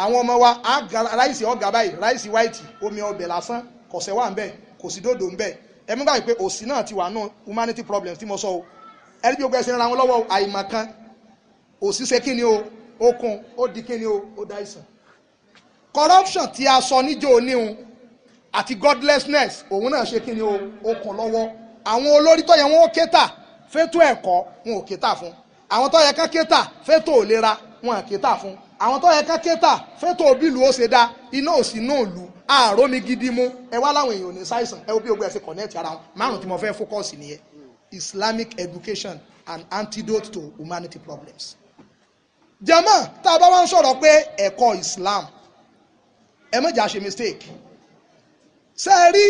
àwọn ọmọ wa ráìsì ọ̀gá báyìí ráìsì wáìtì omi ọbẹ̀ lásán kò sẹ́wà ń bẹ kò sí dòdò ń bẹ ẹ mú gbàgbé pé òsì náà ti wà nù humanity problems tí mo sọ o ẹni bí ogun ẹsẹ̀ ra wọn lọ́wọ́ àìmọ̀kan òsì ṣe kí ni o okun ó di kí ni o ó dá ìsàn corruption tí a sọ níjó oníhun àti godlessness òun náà ṣe kí ni o okun lọ́wọ́ àwọn olórí tó yẹ wọn ó kéta fétò ẹ̀kọ́ wọn ò kéta fún àwọn tó yẹ ká kéta fétò ìlera wọn ò kéta fún àwọn tó yẹ ká kéta fétò òbí ó ṣe dá iná òsì náà lù àárọ̀ mi gidi mu ẹ wá láwọn èèyàn ò ní ṣàìsàn ẹ wo bí ogun ẹ ṣe connect ara wọn márùn tí mo fẹ́ focus nìyẹn Islamic education and antidote to humanity problems. jama tá a bá wá sọ̀rọ̀ pé ẹ̀kọ́ Islam ẹ má jà ṣe mistake ṣe é rí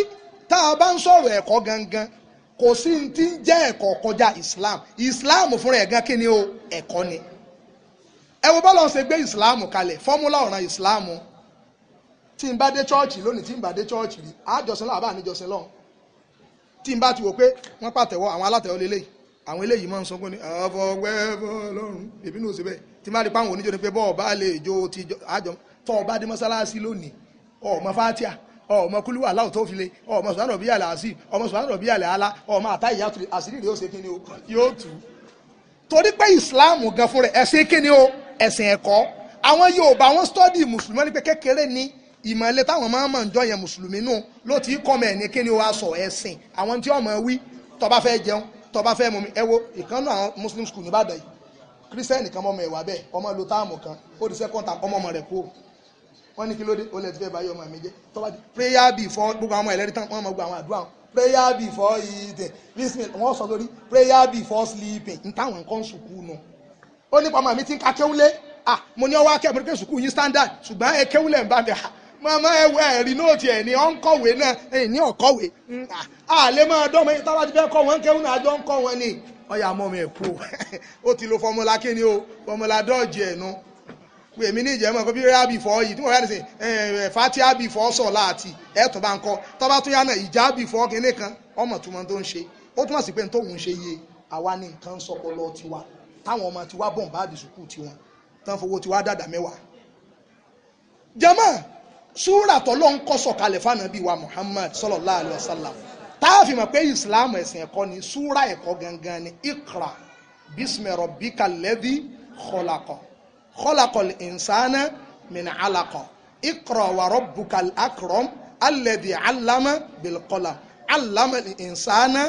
tá a bá ń sọ̀rọ̀ ẹ̀kọ́ gangan kò sí ní ti ń jẹ́ ẹ̀kọ́ kọjá Islam Islam fúnra ẹ̀ gan kí ni o ẹ̀kọ́ ni ẹ wo bọ́lá ọ̀sẹ̀ gbé Islam kalẹ̀ fọ́múlà ọ̀ràn Islam. Islam tí n bá dé chọ́ọ̀chì lónìí tí n bá dé chọ́ọ̀chì rí àjọsìn lọ́wọ́ àbá níjọsìn lọ́wọ́ tí n bá ti wò pé wọ́n pàtẹ́wọ́ àwọn alátẹ̀wọ́ lélẹ́yìí àwọn eléyìí máa ń sọ pé ní àfọwẹ́ èmi náà ṣe tí n bá rí i páwọn oníjó ni pé bọ́ọ̀ bá lè jó ti àjọ tọ́ ọ bá dé mọ́sálásí lónìí ọmọ fatia ọmọ kúlúwà láwùjọ tó fi le ọmọ sùnánà bíi àlẹ́ àsì ọmọ sùnánà bíi àlẹ́ àlá ọmọ àtá ìyá tó àṣírí rèé ó ṣe kíni o yóò tù ú. torí pé ìsìláàmù gan fún rẹ̀ ẹ̀sìn kíni o ẹ̀sìn ẹ̀kọ́ àwọn Yorùbá wọn stọ́dì mùsùlùmí wọn ni pé kékeré ni ìmọ̀lẹ́ táwọn máa mọ̀ ń jọ yẹn mùsùlùmí nù ló ti kọ́ mọ̀ ẹ̀ ní kíni wàá sọ ẹ̀sìn àwọn tí ọmọ wí tó bá fẹ́ jẹun tó bá fẹ́ mumi ẹ wo ìkànnù àwọn muslim school nìbàdàn yìí kírísítẹ́nì kan mọ́mọ ẹ̀wà bẹ́ẹ̀ ọmọ lo táàmù kan ó di second term ọmọ ọmọ rẹ̀ kú wọ́n ní kí ló dé ó lẹ̀ ti fẹ́ báyìí ọmọ mi jẹ́ tó di prayer before gbogbo àwọn ẹlẹ́rìí tán wọ́n mọ gbogbo àwọn àdúrà wọn prayer before eating listen wọ́n sọ lórí prayer before sleeping n táwọn nǹkan sùkúù nù ó nípa ọmọ mi ti ń ka kéwúlé ah mo ní ọwọ́ akẹ́kọ̀ọ́ pé sùkúù yín standard ṣùgbọ́n ẹ kéwúlẹ̀ ń bá mi hà Mama, ẹwẹ ẹ̀rí nóòtì ẹ̀ ní ọ̀nkọ̀wé náà ẹ̀yìn ní ọ̀kọ̀wé àlẹ́ máa dọ́mọ yìí tábà ti fẹ́ kọ́ wọn kẹ́hún náà àjọ ń kọ́ wọn ni ọ̀yà mọ́ mi ẹ̀ po O ti lo fọmọlá kíni o fọmọlá dọ́ọ̀jì ẹ̀ nu pé èmi ní ìjẹ́mọ̀ kó bí rẹ́ àbí fọ́ yìí tí wọ́n rẹ́ sìn ẹ̀ fati àbí fọ́ sọ̀ láàtì ẹ̀ tó bá ń kọ́ tọ́ba tún yánà ìjà àbí fọ́ kínní kan ọmọ tó máa tó ń ṣe ó túmọ̀ sí pé tóun ṣe yé àwa ní nǹkan sọpọlọ tiwa táwọn ọmọ tiwa bọ̀ ń bá àdìsúkú tiwọn tán fowó tiwa dàdà mẹ́wàá. jẹ́mọ̀ súrà tọ́lọ́ ń kọ́ sọ̀kalẹ̀ fànàbí wa Muhammad sallallahu alayhi wa sallam táàfin mọ̀ pé Islam ẹ̀sìn ẹ̀kọ́ ni súrà ẹ̀kọ́ gangan ni ikra bismi rabbika alladhi khalaqa khalaqal insana min alaqa ikra wa rabbukal akram alladhi allama bil qalam allama al insana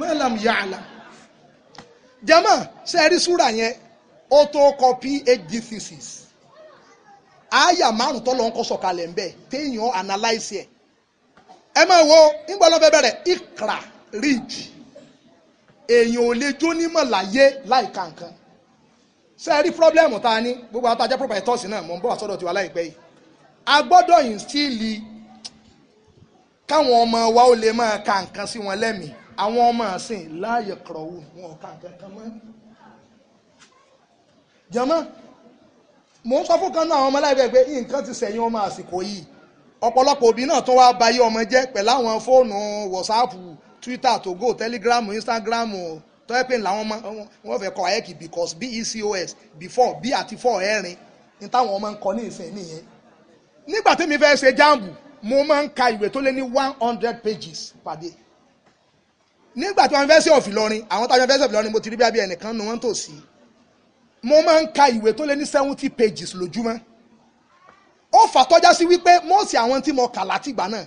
ma lam ya'lam jama sẹ́ẹ̀rí súrà yẹn ó tó kọ phd thesis àyà márùn tó lọ ń kọ́ sọ̀kalẹ̀ ń bẹ̀ téèyàn analyse ẹ̀ ẹ máa wo nígbà lọ́fẹ́ bẹ̀rẹ̀ ikra ríjì èèyàn ò lè jó nímọ̀ láyé láìka nǹkan ṣe é rí pírọ́blẹ́mù ta ni gbogbo àwọn tajà pírọ́pà ìtọ́sí náà mọ̀ ń bọ̀ wá sọ́dọ̀ tiwa láìpẹ́ yìí a yìí sílì káwọn ọmọ wa ó lè máa ka nǹkan sí wọn lẹ́mìí àwọn ọmọ àsìn láàyè wù wọn ò ka nǹkan kan mọ́ jẹ́mọ́ mò ń sọ fún kan náà àwọn ọmọ aláìbẹ̀ pé nǹkan ti sẹ̀yìn ọmọ àsìkò yìí ọ̀pọ̀lọpọ̀ òbí náà tó wá bayé ọmọ jẹ́ pẹ̀lú àwọn fóònù wọ̀sáàpù twitter togo telegram instagram tọ́yẹ́pẹ̀ làwọn ọmọ wọn fẹ́ kọ́ ayẹ́kì because becos before b àti four ẹ̀rin ní táwọn ọmọ ń kọ ní ìsìn nìyẹn nígbà tí mi fẹ́ ṣe jambu mo máa ń ka ìwé tó lé ní one hundred pages pàdé nígbà tí wọ́n fẹ́ ṣe ọ̀fìlọrin àwọn táwọn fẹ́ ṣe ọ̀fìlọrin mo ti rí bí abẹ́ ẹnìkan nu wọ́n tòsí mo máa ń ka ìwé tó lé ní seventy pages lójúmọ́ ó fà tọ́já sí wípé mọ́ọ̀sì àwọn tí mo kà látìgbà náà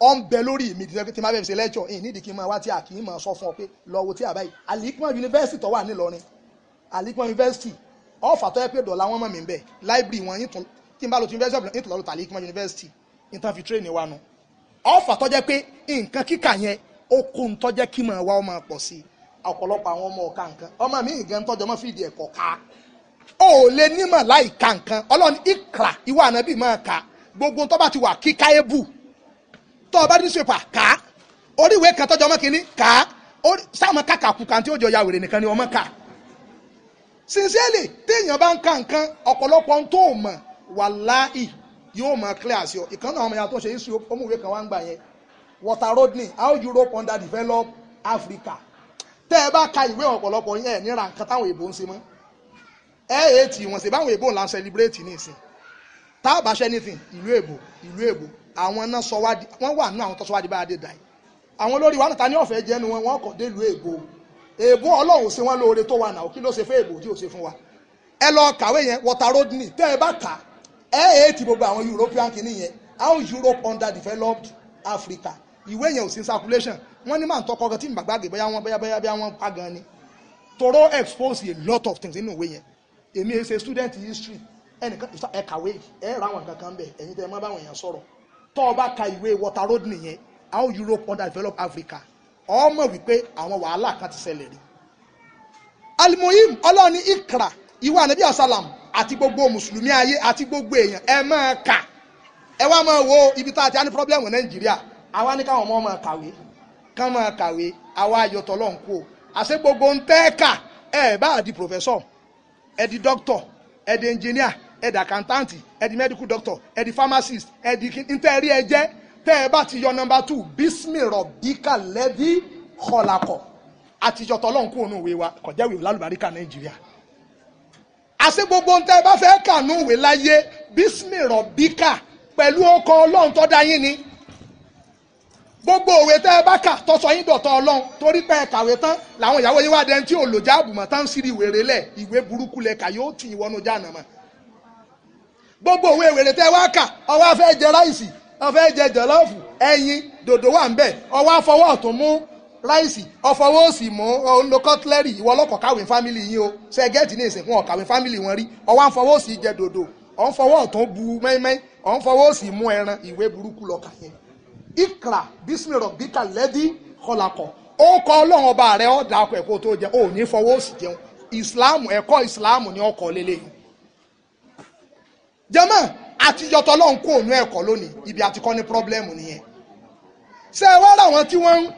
ọ ń bẹ lórí mi dídẹ́ tí máa bẹ̀rẹ̀ sí lẹ́jọ́ ẹ̀ nídìí kí n máa wá tí a kì í máa sọ fún ọ pé lọ́wọ́ tí a báyìí Alikman University tó wà nílọrin Alikman University ọ fà tọ́já pé dọ̀là wọn mọ̀ mí bẹ́ẹ̀ library wọn yìí tún tí n bá lọ ti university ọ̀bìnrin ìtùlọ́lù tà Alikman University ìtàn fi train wa nu ọ fà tọ́já pé nǹkan kíkà yẹn ó kó ń tọ́já kí máa wá ọ máa pọ̀ sí i ọ̀pọ̀lọpọ̀ àwọn ọmọ ọ̀ka nǹkan ọmọ mi ìgan tọ́jú ọmọ fìdí ẹ̀kọ́ ká ó lè nímọ̀ láì ka nǹkan ọlọ́run ìkra ìwà ànábì máa ka gbogbo tó bá ti wà kíká ebù tó o bá ní sèpà ká oríwèé kan tọ́jú ọmọ kìíní ká sáwọn kàkàkù kan tí ó jọ ya nìkan ni ọmọ ká sincerely téèyàn bá ń ka nǹkan ọ̀pọ̀lọpọ̀ tó mọ̀ wàláì yóò mọ̀ clear sí ọ ìkànnà ọmọ yàtọ̀ ṣe é sí ọmọ ìwé kan wá ń gbà yẹn water road ni how Europe underdeveloped Africa tẹ́ ẹ bá ka ìwé ọ̀pọ̀lọpọ̀ yín ẹ̀ níra nǹkan táwọn èèbò ń ṣe mọ́ ẹ ẹ̀ tì wọ́n ṣe báwọn èèbò là ń celebrate ní ìsìn tá a bá ṣe anything ìlú èèbò ìlú èèbò àwọn náà sọ wá di wọ́n wà nínú àwọn tó sọ wá di bá a dé dà yìí àwọn olórí wa náà ta ní ọ̀fẹ́ jẹ́ nu wọn wọ́n kọ̀ dé ìlú èèbò èèbò ọlọ́run ṣe wọ́n lóore tó wà náà kí ló ṣe fún èèbò tí ò ṣe fún wa ẹ lọ kàwé yẹn water road ni tẹ́ ẹ bá kà ẹ ẹ̀ tì gbogbo àwọn European kìíní yẹn how Europe underdeveloped Africa ìwé yẹn ò sí circulation wọ́n ní màá tọkọ ọkọ tí ìgbàgbàgbé bóyá wọ́n bóyá bóyá wọ́n pa gan ni toro expose a lot of things nínú ìwé yẹn èmi ẹ ṣe student history ẹnìkan ẹ kàwé ẹ ra àwọn nǹkan kan bẹ ẹ̀yin tẹ́ ẹ má báwọn èèyàn sọ̀rọ̀ tọ́ ọ bá ka ìwé water road nìyẹn how Europe underdeveloped Africa ọmọ wípé àwọn wàhálà kan ti ṣẹlẹ̀ rí alimoyim ọlọ́ọ̀ni ikra ìwà ànábì asalam àti gbogbo mùsùlùmí ayé àti gbogbo èèyàn ẹ máa kà ẹ wá máa wo ibi tá a ti á ní pírọ́blẹ́mù Nàìjíríà àwa ní káwọn ọmọ máa kàwé kán máa kàwé àwa ayọ̀tọ̀ lọ́hùn kú o àṣẹ gbogbo ń tẹ́ kà ẹ bá di professor ẹ di doctor ẹ di engineer ẹ di accountant ẹ di medical doctor ẹ di pharmacist ẹ di ntẹ́rí ẹ jẹ́ tẹ́ ẹ bá ti yọ nọmba two bísmì rọ̀bíkà lẹ́bí kọlàkọ̀ àtijọ́ tọ́lọ́hún kú òun ìwé wa kọjá ìwé lálùbáríkà nàìjíríà àṣẹ gbogbo ń tẹ́ ẹ bá fẹ́ kà nù ìwé láyé bísmì rọ̀bíkà pẹ̀lú ọkọ̀ ọlọ́run tó dá yín ni gbogbo òwe tẹ́ ẹ bá kà tọ́sọ yín dọ̀tọ̀ ọlọ́run torí pé ẹ kàwé tán làwọn ìyàwó yín wá dẹni tí ò lò jáàbù mọ́ tán sírí wèrè lẹ̀ ìwé burúkú lẹ kà yóò tì ìwọ́nu jáàna mọ́. gbogbo òwe wèrè tẹ́ ẹ wá kà ọwọ́ afẹ́ jẹ ráìsì ọfẹ́ jẹ jọlọ́ọ̀fù ẹyin dòdò wà ń bẹ̀ ọwọ́ afọwọ́ ọ̀tún mú ráìsì ọfọwọ́ òsì mú ọ̀nlọ kọ́tlẹ́rì ìwọ ọlọ́kọ̀ kàwé fámìlì ọ̀tún bu mẹ́mẹ́ ọ̀nfọwọ́ òsì mú ẹran ìwé burúkú lọ́kà yẹn ikra bísí rọ̀bì kàlẹ́dí kọlàkọ̀ o kọ́ ọlọ́run ọba rẹ̀ ọ́ dà ọkọ̀ ẹ̀kọ́ tó jẹun ò ní o òsì jẹun ìsìláàmù ẹ̀kọ́ ìsìláàmù ni ọkọ̀ lélẹ̀ yìí. jẹ́mọ̀ àtijọ́tọ̀ ọlọ́run kó òun ẹ̀kọ́ lónìí ibi àti kọ́ ní pírọ́blẹ́mù nìyẹn. ṣé ẹ wá rà wọn tí wọ́n ń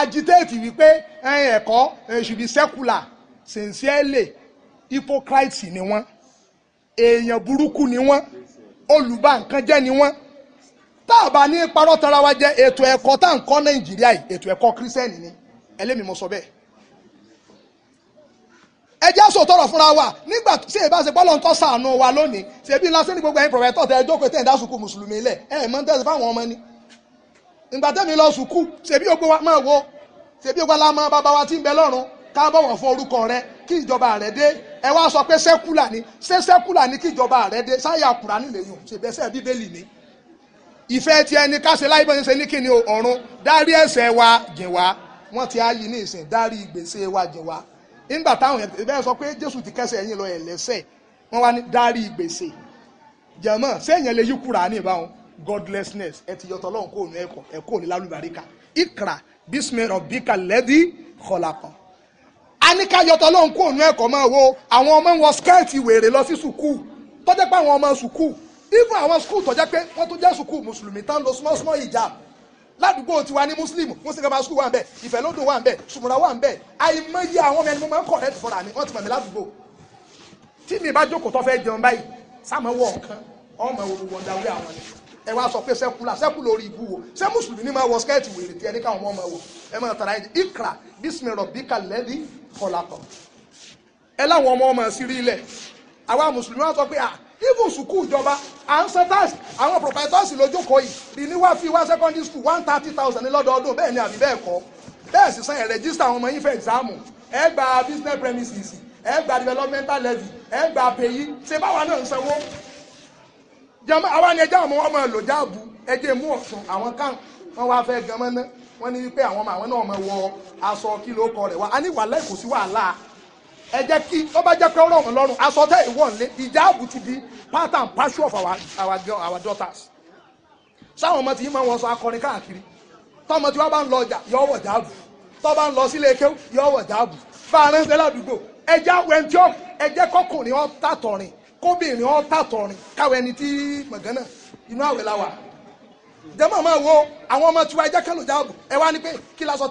agitate wípé ẹ̀kọ́ ṣùgbì secular sincerely hypocrite ni wọ́n èèyàn burúkú ni wọ́n olùbá nǹkan jẹ́ ni wọ́n tá a bá ní parọ́ tara wa jẹ ètò ẹ̀kọ́ tá à ń kọ́ nàìjíríà yìí ètò ẹ̀kọ́ kírísẹ́nì ni ẹlẹ́mìí mo sọ bẹ́ẹ̀. ẹ jẹ́ sòtọ́rọ̀ fúnra wa nígbà tí èyí bá ṣe bọ́lọ̀ tó sàánú wa lónìí ṣèbí lásán ní gbogbo ẹ̀yin pọ̀fẹ́tọ̀ tẹ ẹjọ́ pé tẹ̀ ń dá sùkú mùsùlùmí lẹ̀ ẹ̀ mọ́ ń tẹ̀sí fáwọn ọmọ ni. ìgbà tẹ́mi lọ sùkú ṣèbí ogbó wa máa wo ṣèbí ogbó alámọ bàbá wa ti ń bẹ lọ́run ká bọ̀wọ̀ fún orúkọ rẹ kí ìjọba rẹ dé ẹ wá sọ pé sẹ́kúlà ni ṣé sẹ́kúlà ni kí ìjọba rẹ dé sáyà kùránì lèyùn ṣèbẹ́sẹ̀ bíbélì ni ìfẹ́ ti ẹni káṣe láyé bọ́n ṣe ní kíni ọ̀run dárí ẹ̀ṣẹ̀ wa jìn wá wọ́n ti ayé ní ìsìn dárí ìgbésẹ̀ wa jìn wá nígbà táwọn yẹn bẹ́ẹ̀ sọ pé Jésù ti kẹ́sẹ̀ ẹ̀yìn lọ ẹ̀lẹ́sẹ̀ wọ́n wá ní dárí ìgbésẹ̀ jẹ̀mọ́ sẹ́yìn lè yí kúra ní ìbáwọn godlessness ẹ ti yọtọ̀ lọ́hùn kóònù ẹ̀kọ́ ẹ̀kọ́ òní lálùbáríkà ìkra bísmẹ̀rọ̀ bíkà lẹ́dí kọlàkọ̀ a ní ká yọtọ̀ lọ́hùn kóònù ẹ̀kọ́ máa wo àwọn ọmọ wọn skẹ́ẹ̀tì wèrè even àwọn skul tó jẹ́ pé wọ́n tó jẹ́ sukuu mùsùlùmí tán lọ small small hijab ládùúgbò tiwa ní muslim wọ́n sì gbàgbà skul wà ń bẹ̀ ìfẹ́lódò wà ń bẹ̀ sùmùrà wà ń bẹ̀ àìmọye àwọn ọmọ ẹni mo máa ń correct fúnra mi wọ́n ti mọ̀ mí ládùúgbò tí mi bá jókòó tó fẹ́ jẹun báyìí sáàmù wọ̀ kan ọmọ òwúwọ̀ dáwé àwọn ni ẹ wá sọ pé sẹ́kùlà sẹ́kù lórí ibú wo ṣé mùsùlùmí ni máa wọ skẹ́ẹ̀tì wèrè tí ẹni káwọn ọmọ wò ẹ máa tara ẹ ikra bísímì rọ̀bíkà lẹ́dí kọlákọ̀ ẹ láwọn ọmọ ọmọ sí rí ilẹ̀ àwa mùsùlùmí wọn sọ pé ah even sukuu ìjọba à ń san tax àwọn proprietors lójókòó yìí bí ní wá fi wá secondary school one thirty thousand ní lọ́dọọdún bẹ́ẹ̀ ni àbí bẹ́ẹ̀ kọ́ bẹ́ẹ̀ sì san ẹ̀ register àwọn ọmọ yín fẹ́ exam ẹ gba business premises ẹ gba developmental levy ẹ gba payi ṣe báwa náà ń sanwó jama àwa ni ẹjẹ àwọn ọmọ ẹlò jáàbù ẹjẹ mú ọ̀sán àwọn kan wọn wá fẹ́ gan mọ́ná wọn ní wípé àwọn ọmọ àwọn náà mọ̀ wọ aṣọ kí kọ rẹ̀ wá a ní wàhálà kò sí wàhálà ẹ jẹ́ kí tó bá jẹ́ pé ó rọ̀ wọ́n lọ́rùn aṣọ tẹ́ ìwọ̀ nílé ìjáàbù ti di part and parcel of our our girl our daughters. sáwọn ọmọ tí yìí máa ń wọ aṣọ akọrin káàkiri tọmọ tí wọ́n bá ń lọ ọjà yọ wọ̀ jáàbù tọ́ bá ń lọ sílé kéwù yọ wọ̀ jáàbù bá a ránṣẹ́ ládùúgbò ẹ jẹ́ wẹ́ntì ọ̀p ẹ jẹ́ kọkùnrin ọ̀ tàtọ̀rìn kóbìnrin ọ̀ tàtọ̀rìn káwọ ẹni la wà. jẹ́mọ̀ máa wo àwọn ọmọ tiwa ẹ jẹ́ kẹ́lò jáàbù ẹ wá ní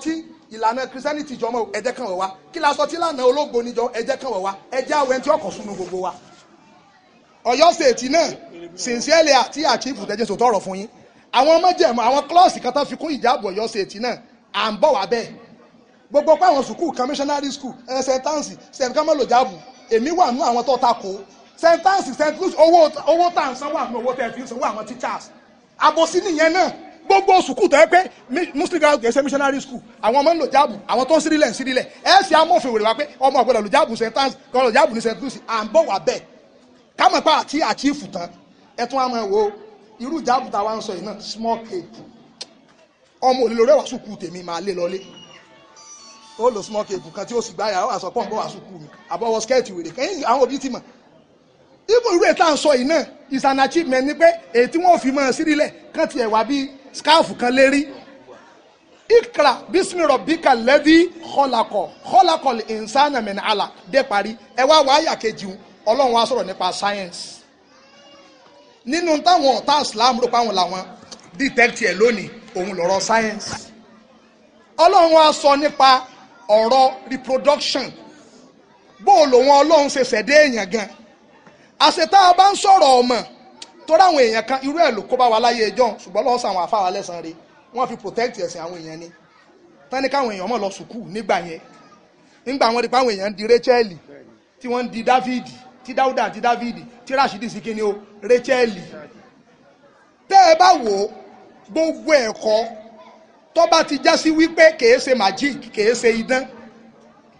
tí ìlànà christianity jọmọ ẹjẹ kan wọ wa kí la sọ tí lànà olóògbò níjọ ẹjẹ kan wọ wa ẹjẹ awẹ tí ọkọ súnmọ́ gbogbo wa. Ọ̀yọ́ state náà sincerely àti àchífù tẹjẹ sòtọ ọ̀rọ̀ fún yín àwọn mọjẹmọ àwọn klọọsì kan tó fi kún ìjáàbù Ọ̀yọ́ state náà à ń bọ̀ wá bẹ́ẹ̀ gbogbo pa àwọn sukuu commissionary school ẹ sẹntansi sẹnkamọlò jáàbù èmi wà nú àwọn tó takò sẹntansi sẹntansi owó owó tà ń sanwó àwọn owó tẹ fi ń sanwó àwọn teachers àbòsí nìyẹn náà gbogbo sùkúù tó yẹ pé muslim girls kìí ṣe missionary school àwọn ọmọ ń lò jáàbù àwọn tó ń sírílẹ̀ ń sírílẹ̀ ẹ ṣe amófin wèrè wá pé ọmọ ọ̀gbọ́dọ̀ lò jáàbù st anne kọ́ lò jáàbù ní st lucy à ń bọ̀ wá bẹ́ẹ̀ kámọ̀ pa àti àchífù tán ẹ tún àmọ́ ẹ wo irú jáàbù táwa ń sọ yìí náà small cape ọmọ òlè lórí ẹwà sùkúù tèmi máa lé lọlé ó lò small cape kan tí ó sì gbá yàrá àṣọ pọ̀ ń bọ̀ wá sùkúù mi àbọ̀wọ̀ skẹ́ẹ̀tì wèrè kẹ́yìn àwọn òbí ti mọ̀ ibùdó ìwé tá à ń sọ yìí náà is an achievement ni pé èyí tí wọ́n fi mọ̀ sírílẹ̀ kán tiẹ̀ wá bíi skáàfù kan lérí ikra bísí rọ̀bíkà lẹ́bí kọ́lákọ̀ kọ́lákọ̀ ìnsánà mẹ́ni àlà dé parí ẹ wá wáyà kejì ọlọ́run wá sọ̀rọ̀ nípa sáyẹ́nsì nínú táwọn ọ̀tá islam rò páwọn làwọn dìtẹ́kítì ẹ̀ lónìí òun lọ̀rọ̀ sáyẹ́nsì ọlọ́run wá sọ nípa ọ̀rọ̀ reproduction bó o lòun ọlọ́run ṣe ṣẹ̀dá èèyàn gan àṣetá ń sọ̀rọ̀ ọmọ torí àwọn èèyàn kan irú ẹ̀ ló kó bá wa láyé ẹjọ́ ṣùgbọ́n lọ́wọ́ sàwọn àfáà lẹ́sàn-án rẹ̀ wọ́n fi protect ẹ̀sìn àwọn èèyàn ni tán ní káwọn èèyàn mọ̀ lọ sùkúù nígbà yẹn nígbà wọn di páwọn èèyàn di Rachel tí wọ́n di David tí Dáúdà àti David tí Rashidi sí kí ni o Rachel tẹ́ ẹ bá wò ó gbogbo ẹ̀kọ́ tó bá ti já sí wípé kèé ṣe magic kèé ṣe idán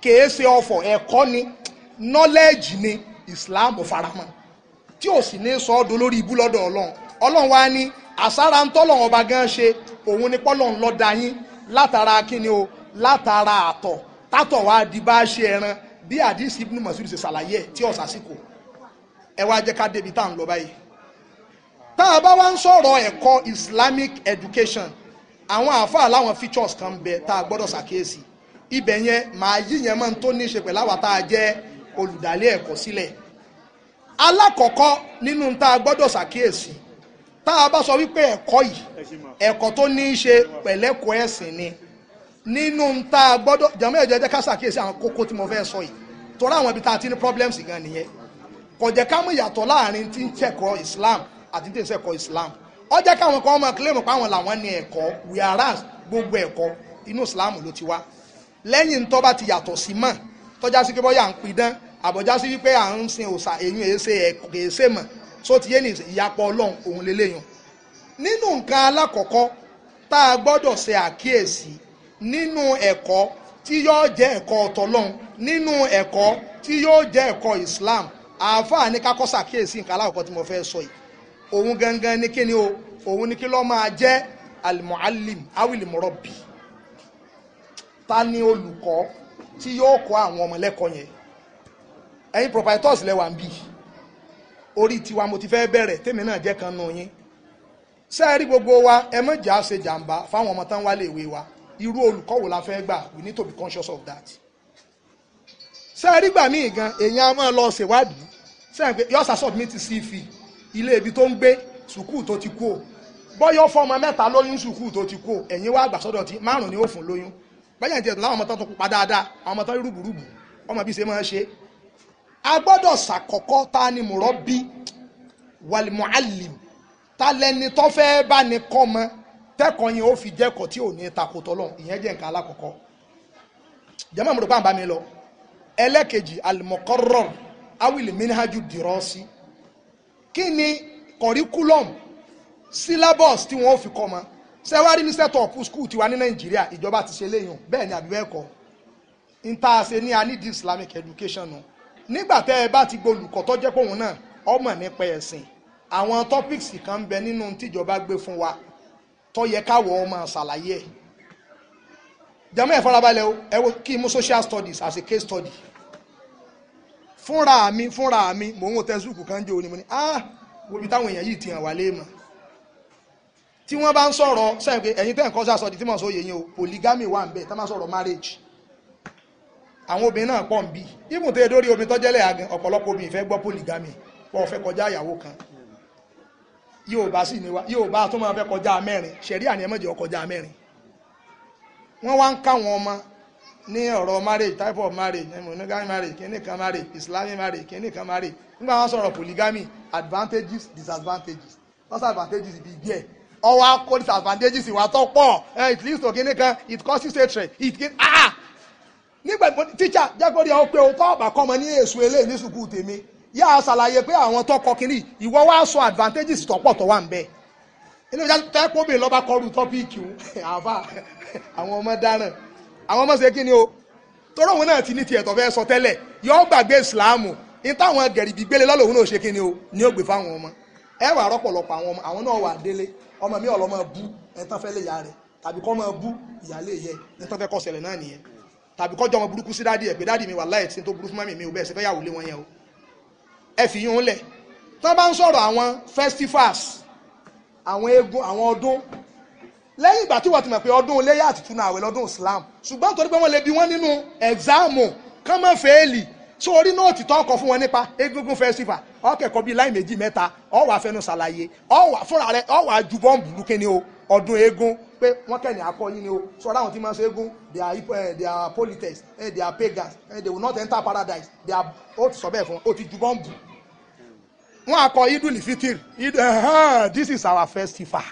kèé ṣe ọfọ̀ ẹ̀kọ́ ni knowledge ni Islam faramọ́ tí ò sì ní sọ ọ́ dolórí ibú lọ́dọ̀ ọlọ́run ọlọ́run wá ní àsára ń tọ́lọ̀ ọba gan ṣe òun ni pọ́lọ́run ló dá yín látara kíni o látara àtọ̀ tátọ̀ wá di bá ṣe ẹran bí àdìs ibn Mas'ud ṣe ṣàlàyé ẹ̀ tí ọ̀sà sì kò ẹ wá jẹ́ ká débi tá à ń lọ báyìí tá a bá wá ń sọ̀rọ̀ ẹ̀kọ́ Islamic education àwọn àáfàá láwọn features kan bẹ tá a gbọ́dọ̀ ṣàkíyèsí ibẹ̀ yẹn màá yí yẹn máa ń tó ní pẹ̀láwà tá a jẹ́ olùdálé ẹ̀kọ́ sílẹ̀ alákọ̀ọ́kọ́ nínú tá a gbọ́dọ̀ ṣàkíyèsí tá a bá sọ wípé ẹ̀kọ́ yìí ẹ̀kọ́ tó ní í ṣe pẹ̀lẹ́kọ̀ọ́ ẹ̀sìn ni nínú tá a gbọ́dọ̀ jàmọ́ ẹ̀jẹ̀ jẹ́ ká ṣàkíyèsí àwọn kókó tí mo fẹ́ sọ yìí torí àwọn ibi tá a ti ní problems gan nìyẹn kò jẹ́ ká mú ìyàtọ̀ láàrin tí ń tẹ̀kọ́ Islam àti tí ń tẹ̀kọ́ Islam ó jẹ́ káwọn kan ọmọ claim pé àwọn làwọn ni ẹ̀kọ́ whereas gbogbo ẹ̀kọ́ inú Islam ló ti wá lẹ́yìn tó bá ti yàtọ̀ sí mọ́ tọ́já sí pé bọ́yà ń pidán àbọ̀já sí wípé à ń sin òòṣà èyí èéṣe èéṣe mọ̀ só ti yé ní ìyapọ̀ ọlọ́run òun lélẹ́yìn nínú nǹkan alákọ̀ọ́kọ́ tá a gbọ́dọ̀ ṣe àkíyèsí nínú ẹ̀kọ́ tí yóò jẹ́ ẹ̀kọ́ ọ̀tọ̀lọ́run nínú ẹ̀kọ́ tí yóò jẹ́ ẹ̀kọ́ Islam àáfàá ní ká kọ́ ṣàkíyèsí nǹkan alákọ̀ọ́kọ́ tí mo fẹ́ sọ yìí òun gangan ni kí ni o òun ni kí ló máa jẹ́ almuallim awilimurobi ta ni olùkọ́ tí yóò kọ́ àwọn ọmọ yẹn ẹ̀yin proprietors lẹ́wà ń bì orí tiwa mo ti fẹ́ bẹ̀rẹ̀ tèmi náà jẹ́ kan nù yín ṣé ẹ rí gbogbo wa ẹ mọ̀ jà ṣe jàǹbá fáwọn ọmọ tán wálé ìwé wa irú olùkọ́ wo la fẹ́ gbà we need to be conscious of that ṣé ẹ rí gbà míì gan èèyàn a máa lọ ṣèwádìí ṣé ẹ pé yọ́sà submit CV ilé ibi tó ń gbé sùkúù tó ti kú o bọ́yọ́ fọ́mọ mẹ́ta lóyún sùkúù tó ti kú o ẹ̀yin wá àgbàsọ́dọ̀ tí márùn-ún ni ó fún lóyún bẹ́ẹ̀ yẹn ti ẹ̀ tó láwọn ọmọ tán tó pupa dáadáa àwọn ọmọ tán rúburúbu ọmọ bíi ṣe máa ṣe a gbọ́dọ̀ ṣàkọ́kọ́ ta ni mùrọ́ bí wàlìmọ̀ alim ta lẹni tó fẹ́ bá ní kọ́ mọ́ tẹ́kọ̀ọ́ yẹn ó fi jẹ́kọ̀ọ́ tí ò ní takòtọ́ lọ ìyẹn jẹ́ nǹkan alákọ̀ọ́kọ́ jẹ́mọ̀ mo rò mi lọ ẹlẹ́kejì alimọ̀kọ́rọ̀ awìlì minhaju dìrọ́sí kí ni curriculum syllabus tí wọ́n fi kọ́ mọ́ sẹ́wárí ní setup school tiwa ní nàìjíríà ìjọba ti ṣe léyìn bẹ́ẹ̀ ni àbí bẹ́ẹ̀ kọ́ n ta ṣe ní a need islamic education náà. No nígbà tẹ́ ẹ bá ti gbolùkọ́ tó jẹ́ pòun náà ọmọ nípa ẹ̀sìn àwọn topics kan ń bẹ nínú tíjọba gbé fún wa tó yẹ káwọ ọmọ ṣàlàyé ẹ̀ jẹ́mọ́ ẹ̀ farabalẹ̀ o ẹ wo kí mú social studies as a case study fúnra mi fúnra mi mò ń wo tẹ́sùkù kan jẹ́ onímọ̀ ni ah wo bí táwọn èèyàn yìí ti hàn wá léèmọ̀ tí wọ́n bá ń sọ̀rọ̀ sẹ́yìn pé ẹ̀yin tẹ́ ń kọ́ sáà sọ́ọ̀dì tí mò sọ yẹ̀yìn o polygamy wà ń bẹ tá má sọ̀rọ̀ marriage àwọn obìnrin náà pọ̀ ń bí ibùn tó yẹ dórí omi tọ́jẹ́lẹ̀ àgàn ọ̀pọ̀lọpọ̀ obìnrin fẹ́ gbọ́ polygamy wọ́n fẹ́ kọjá ìyàwó kan Yorùbá sì ni wa Yorùbá tó máa fẹ́ kọjá mẹ́rin ṣẹ̀rí àní ẹ̀mọ́jẹ́ ọkọjá mẹ́rin wọ́n wá ń káwọn ọmọ ní ọ̀rọ̀ marriage type of marriage monogamy marriage kìíní kan marriage Islamic marriage kìíní kan marriage nígbà wọn sọ̀rọ̀ polygamy advantages disadvantages what's advantages ibi díẹ̀ ọwọ́ akó disadvantages ìwà tó pọ̀ eh, it leads to kìíní kan it causes hatred it gives. ah, ah nígbà tíṣà jẹ́kọ̀rí ọ pé òótọ́ ọ̀bà kọ́mọ ní èso eléyìí ní sùkúù tèmi yá a ṣàlàyé pé àwọn tó kọ kínní ìwọ wá sọ advantages tó pọ̀ tó wà ń bẹ inú ìjà tẹ́kọ̀ọ́bì lọ́ba kọrú tọ́píìkì àfà àwọn ọmọ dáràn àwọn ọmọ ṣe kí ni o tọ́rọ̀ òun náà ti ní tiẹ̀ tó fẹ́ sọ tẹ́lẹ̀ yọ gbàgbé ìsìláàmù ní táwọn gẹ̀rìbì gbélé lọ́lọ́ òun náà ṣe kí ni o ní ó gbé fáwọn ọmọ ẹ wà rọ́pọ̀lọpọ̀ àwọn ọmọ àwọn náà wà délé ọmọ mi ọ̀lọ́mọ bú ẹ̀ tán fẹ́ lè yá rẹ̀ tàbí kọ́ mọ bú ìyálé yẹ ẹ̀ tán fẹ́ kọ́ ṣẹlẹ̀ náà nìyẹn tàbí kọjọ ọmọ burúkú sí dádì ẹ pé dádì mi wà láì tí tó burú fún mọ́mì mi ò bẹ́ẹ̀ ṣe fẹ́ yàwó lé wọn yẹn o ẹ fi yún un lẹ̀ tán bá ń sọ̀rọ̀ àwọn festivals àwọn eégún àwọn ọdún lẹ́yìn ìgbà tí wọ́n ti mọ̀ pé ọdún iléyà àti túnú àwẹ̀ lọ́dún Islam ṣùgbọ́n torí pé wọ́n lè bi wọ́n nínú ẹ̀gzáàmù kán mọ̀ fẹ́ẹ́lì so orí nóòtì tó ọkọ̀ fún wọn nípa egungun festival ọkẹ̀kọ́ bíi láì méjì mẹ́ta ọ̀wà fẹnu ṣàlàyé ọ̀wà fúnra rẹ̀ ọ̀wà ju bọ́ǹbù lukẹ́ni o ọdún eégún pé wọ́n kẹ́ni akọyin ni o sọ láwọn tí máa ṣe eégún they are uh, they are polytheists eh, they are pagans eh, they will not enter paradise they are ó ti sọ bẹ́ẹ̀ fún ó ti ju bọ́ǹbù. wọ́n akọ idu ní fitir this is our festival.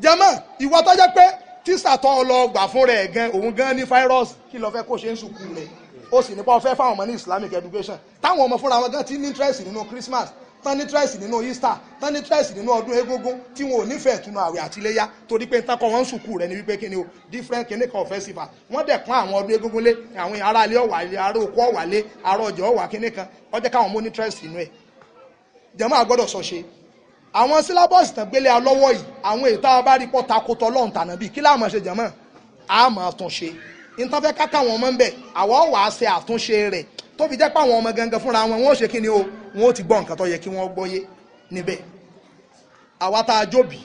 jẹ́mọ̀ ìwọ tó jẹ́ pé tíṣà tó lọ gbà fún rẹ̀ gan òun gan ní fáírọ́ọ̀sì kí lọ́ọ́ fẹ́ kó ṣe ń sùkú rẹ̀ ó sì nípa ọ̀fẹ́ fáwọn ọmọ ní islamic education táwọn ọmọ fúnra wọn gan ti ní interest nínú christmas tán ní tírẹ̀sì nínú Easter tán ní tírẹ̀sì nínú ọdún egúngún tí wọn ò nífẹ̀ẹ́ túnú àwẹ̀ àtiléyá torí pé ntakọ̀ wọn ń sùkú rẹ̀ ní wípé kíni o different kíní kan festival wọ́n dẹ̀ pọ́n àwọn ọdún egúngún lé àwọn ará ilé ọ̀wà ilé ará oko ọ̀wà lé ará ọjọ́ ọ̀wà kíní kan ọjọ́ káwọn mú ní tírẹ̀sì nínú ẹ̀ jẹ́mọ́ àgbọ́dọ̀ sọ ṣe àwọn sílábọ̀sì tán gbélé alọ́wọ́ yìí àwọn èyí tá a bá rí pọ́ takotọ́ lọ́ǹtànà bíi kí láàmú ṣe jẹ́mọ́ àmọ́ àtúnṣe nǹkan fẹ́ ká káwọn ọmọ ń bẹ̀ àwọn wàá ṣe àtúnṣe rẹ̀ tó fi jẹ́ pé àwọn ọmọ gangan fúnra wọn wọn ò ṣe kí ni o wọn ó ti gbọ́ nǹkan tó yẹ kí wọ́n gbọ́yé níbẹ̀ àwa tá a jóbi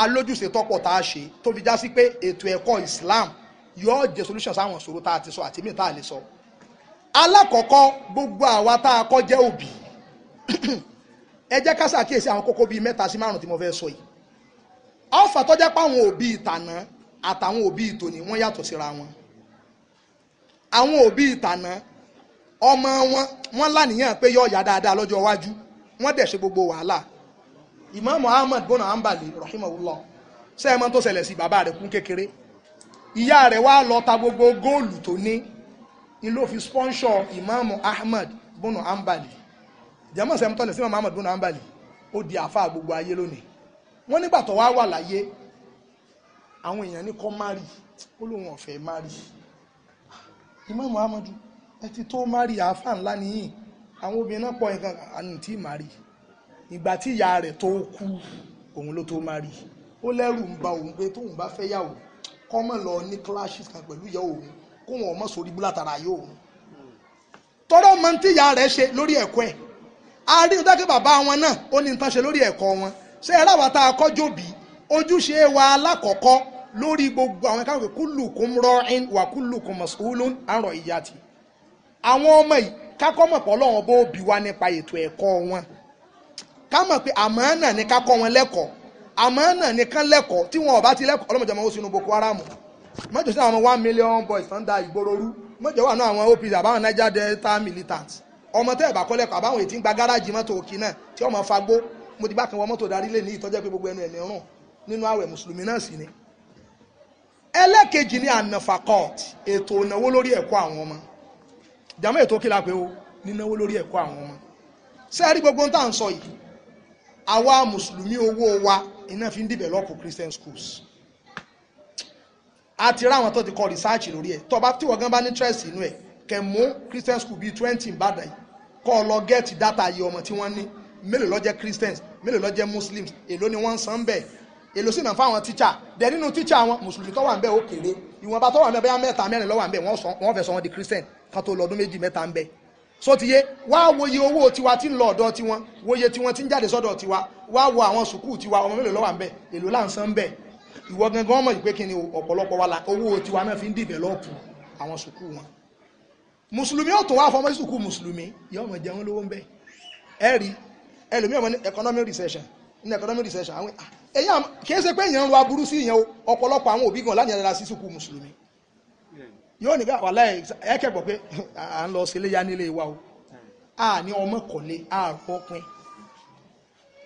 alójúṣe tọ́pọ̀ tá a ṣe tó fi já sí pé ètò ẹ̀kọ́ Islam yóò jẹ́ solution sáwọn ìṣòro tá a ti sọ àti míì tá a lè sọ alákọ̀ọ́kọ́ gbogbo àwa tá a kọ́ jẹ́ òbí ẹ jẹ́ ká ṣàkíyèsí àwọn kókó bíi mẹ́ta sí márùn-ún tí mo fẹ́ sọ yìí ọ̀fà tó jẹ́ pé àwọn òbí ìtànà àtàwọn òbí ìtòní wọ́n yàtọ̀ síra wọn àwọn òbí ìtànà ọmọ wọn wọn lánìyàn pé yọ ọ̀yà dáadáa lọ́jọ́ iwájú wọ́n dẹ̀ ṣe gbogbo wàhálà Imam Ahmad bona ambali rahimahullah sẹ́ẹ̀mọ́ tó ṣẹlẹ̀ sí bàbá rẹ̀ kún kékeré ìyá rẹ̀ wá lọ ta gbogbo góòlù tó ní ni ló fi spọ́nṣọ̀ Imam Ahmad bona ambali jẹ́mọ̀ sẹ́ẹ̀mọ́ tó ṣẹlẹ̀ sí Imam Ahmad bona ambali ó di àáfàá gbogbo ayé lónìí wọ́n nígbà tó wá wà láyé àwọn èèyàn ní kọ́ mari ó lóun ọ̀fẹ́ mari Imam Ahmadu ẹ ti tó mari àáfà ńlá nìyí àwọn obìnrin náà pọ̀ nǹkan àánú tí mari ìgbà tí ìyá rẹ̀ tó kú òun ló tó mari ó lẹ́rù ń ba òun pé tóun bá fẹ́ yàwó kọ́mọ̀ lọ ní clashes kan pẹ̀lú ìyá òun kóun ọmọ sórí bú látara yóò òun tọ́rọ̀ mọ tí ìyá rẹ̀ ṣe lórí ẹ̀kọ́ ẹ̀ a rí i dákẹ́ bàbá wọn náà ó ní nǹkan ṣe lórí ẹ̀kọ́ wọn ṣé ẹ ráwa tá a kọ́jọ́ bí ojúṣe wa alákọ̀ọ́kọ́ lórí gbogbo àwọn ẹ̀ka òkè kúlùkùn rọ́ọ̀in wà kúlùkùn mọ̀sùlùm àrọ̀ ìyá ti àwọn ọmọ yìí kákọ́ mọ̀ pọ̀ lọ́wọ́ bó bí wa nípa ètò ẹ̀kọ́ wọn ká pé àmọ́ náà ni kákọ́ wọn lẹ́kọ̀ọ́ àmọ́ náà ni kán lẹ́kọ̀ọ́ tí wọn ò bá ti lẹ́kọ̀ọ́ ọlọ́mọdé ọmọ òsínú Boko Haram mọ́jọ sí àwọn one million boys tó ń da ìgboro rú mọ́jọ wà náà àwọn OPC àbáwọn Niger Delta militants ọmọ tẹ́ ẹ̀ bá kọ́ lẹ́kọ̀ọ́ àbáwọn ètí ń gba gáràjì mọ́tò òkì náà tí ọmọ fagbó mo ti bá kan wọ mọ́tò darí lé ní ìtọ́jẹ́ pé gbogbo ẹnu ẹ̀ ní rùn nínú àwẹ̀ mùsùlùmí náà sì ni ẹlẹ́ẹ̀kejì ni ànàfàkọ́ọ̀tì ètò ìnáwó lórí ẹ̀kọ́ àwọn ọmọ jàmọ́ ètò kí la pé o nínáwó lórí ẹ̀kọ́ àwọn ọmọ sẹ́ẹ̀rí gbogbo tá à ń sọ yìí àwa mùsùlùmí owó wa iná fi ń develop Christian schools a ti ráwọn tó ti kọ research lórí ẹ̀ tọba tí wọ́n gan bá ní interest inú ẹ̀ kẹ̀ Christian school bíi twenty ìbàdàn yìí kọ́ ọ lọ gẹ́ẹ̀tì data yìí ọmọ tí wọ́n ní mélòó ló jẹ́ Christians mélòó ló jẹ́ Muslims èló ni wọ́n ń san bẹ́ẹ̀ èlò sì náà fáwọn tíṣà dẹ nínú tíṣà wọn mùsùlùmí tó wà ń bẹ ó kéré ìwọ̀nba tó wà ń bẹ bẹ́ẹ̀ mẹ́ta mẹ́rin ló wà ń bẹ wọ́n fẹ́ sọ wọn di Christian ká tó lọ́dún méjì mẹ́ta ń bẹ so ti yé wá wo iye owó tiwa tí ń lọ ọ̀dọ̀ tiwọn wo iye tiwọn tí ń jáde sọ́dọ̀ tiwa wá wo àwọn sùkúù tiwa ọmọ mélòó ló wà ń bẹ èlò láǹsán ń bẹ ìwọ gangan mọ̀ pé kí ni ọ̀pọ̀lọpọ̀ wa la owó tiwa náà fi ń dìvẹ́lọ́pù àwọn sùkúù wọn mùsùlùmí ọ̀tún wá fọmọ sùkúù mùsùlùmí yóò mọ̀ jẹun lówó ń bẹ ẹ rí ẹlòmí ọmọ ní economic recession ní economic recession àwọn ah, èèyàn kì í ṣe pé èèyàn ń lo aburú sí ìyẹn ọ̀pọ̀lọpọ̀ àwọn òbí gan láyìn ẹ̀rọ sí sùkúù mùsùlùmí yóò ní bá wàhálà ẹ kẹ́kọ̀ọ́ pé à ń lọ sí iléyà nílé wa o a ní ọmọ kọ̀lé a fọ́pin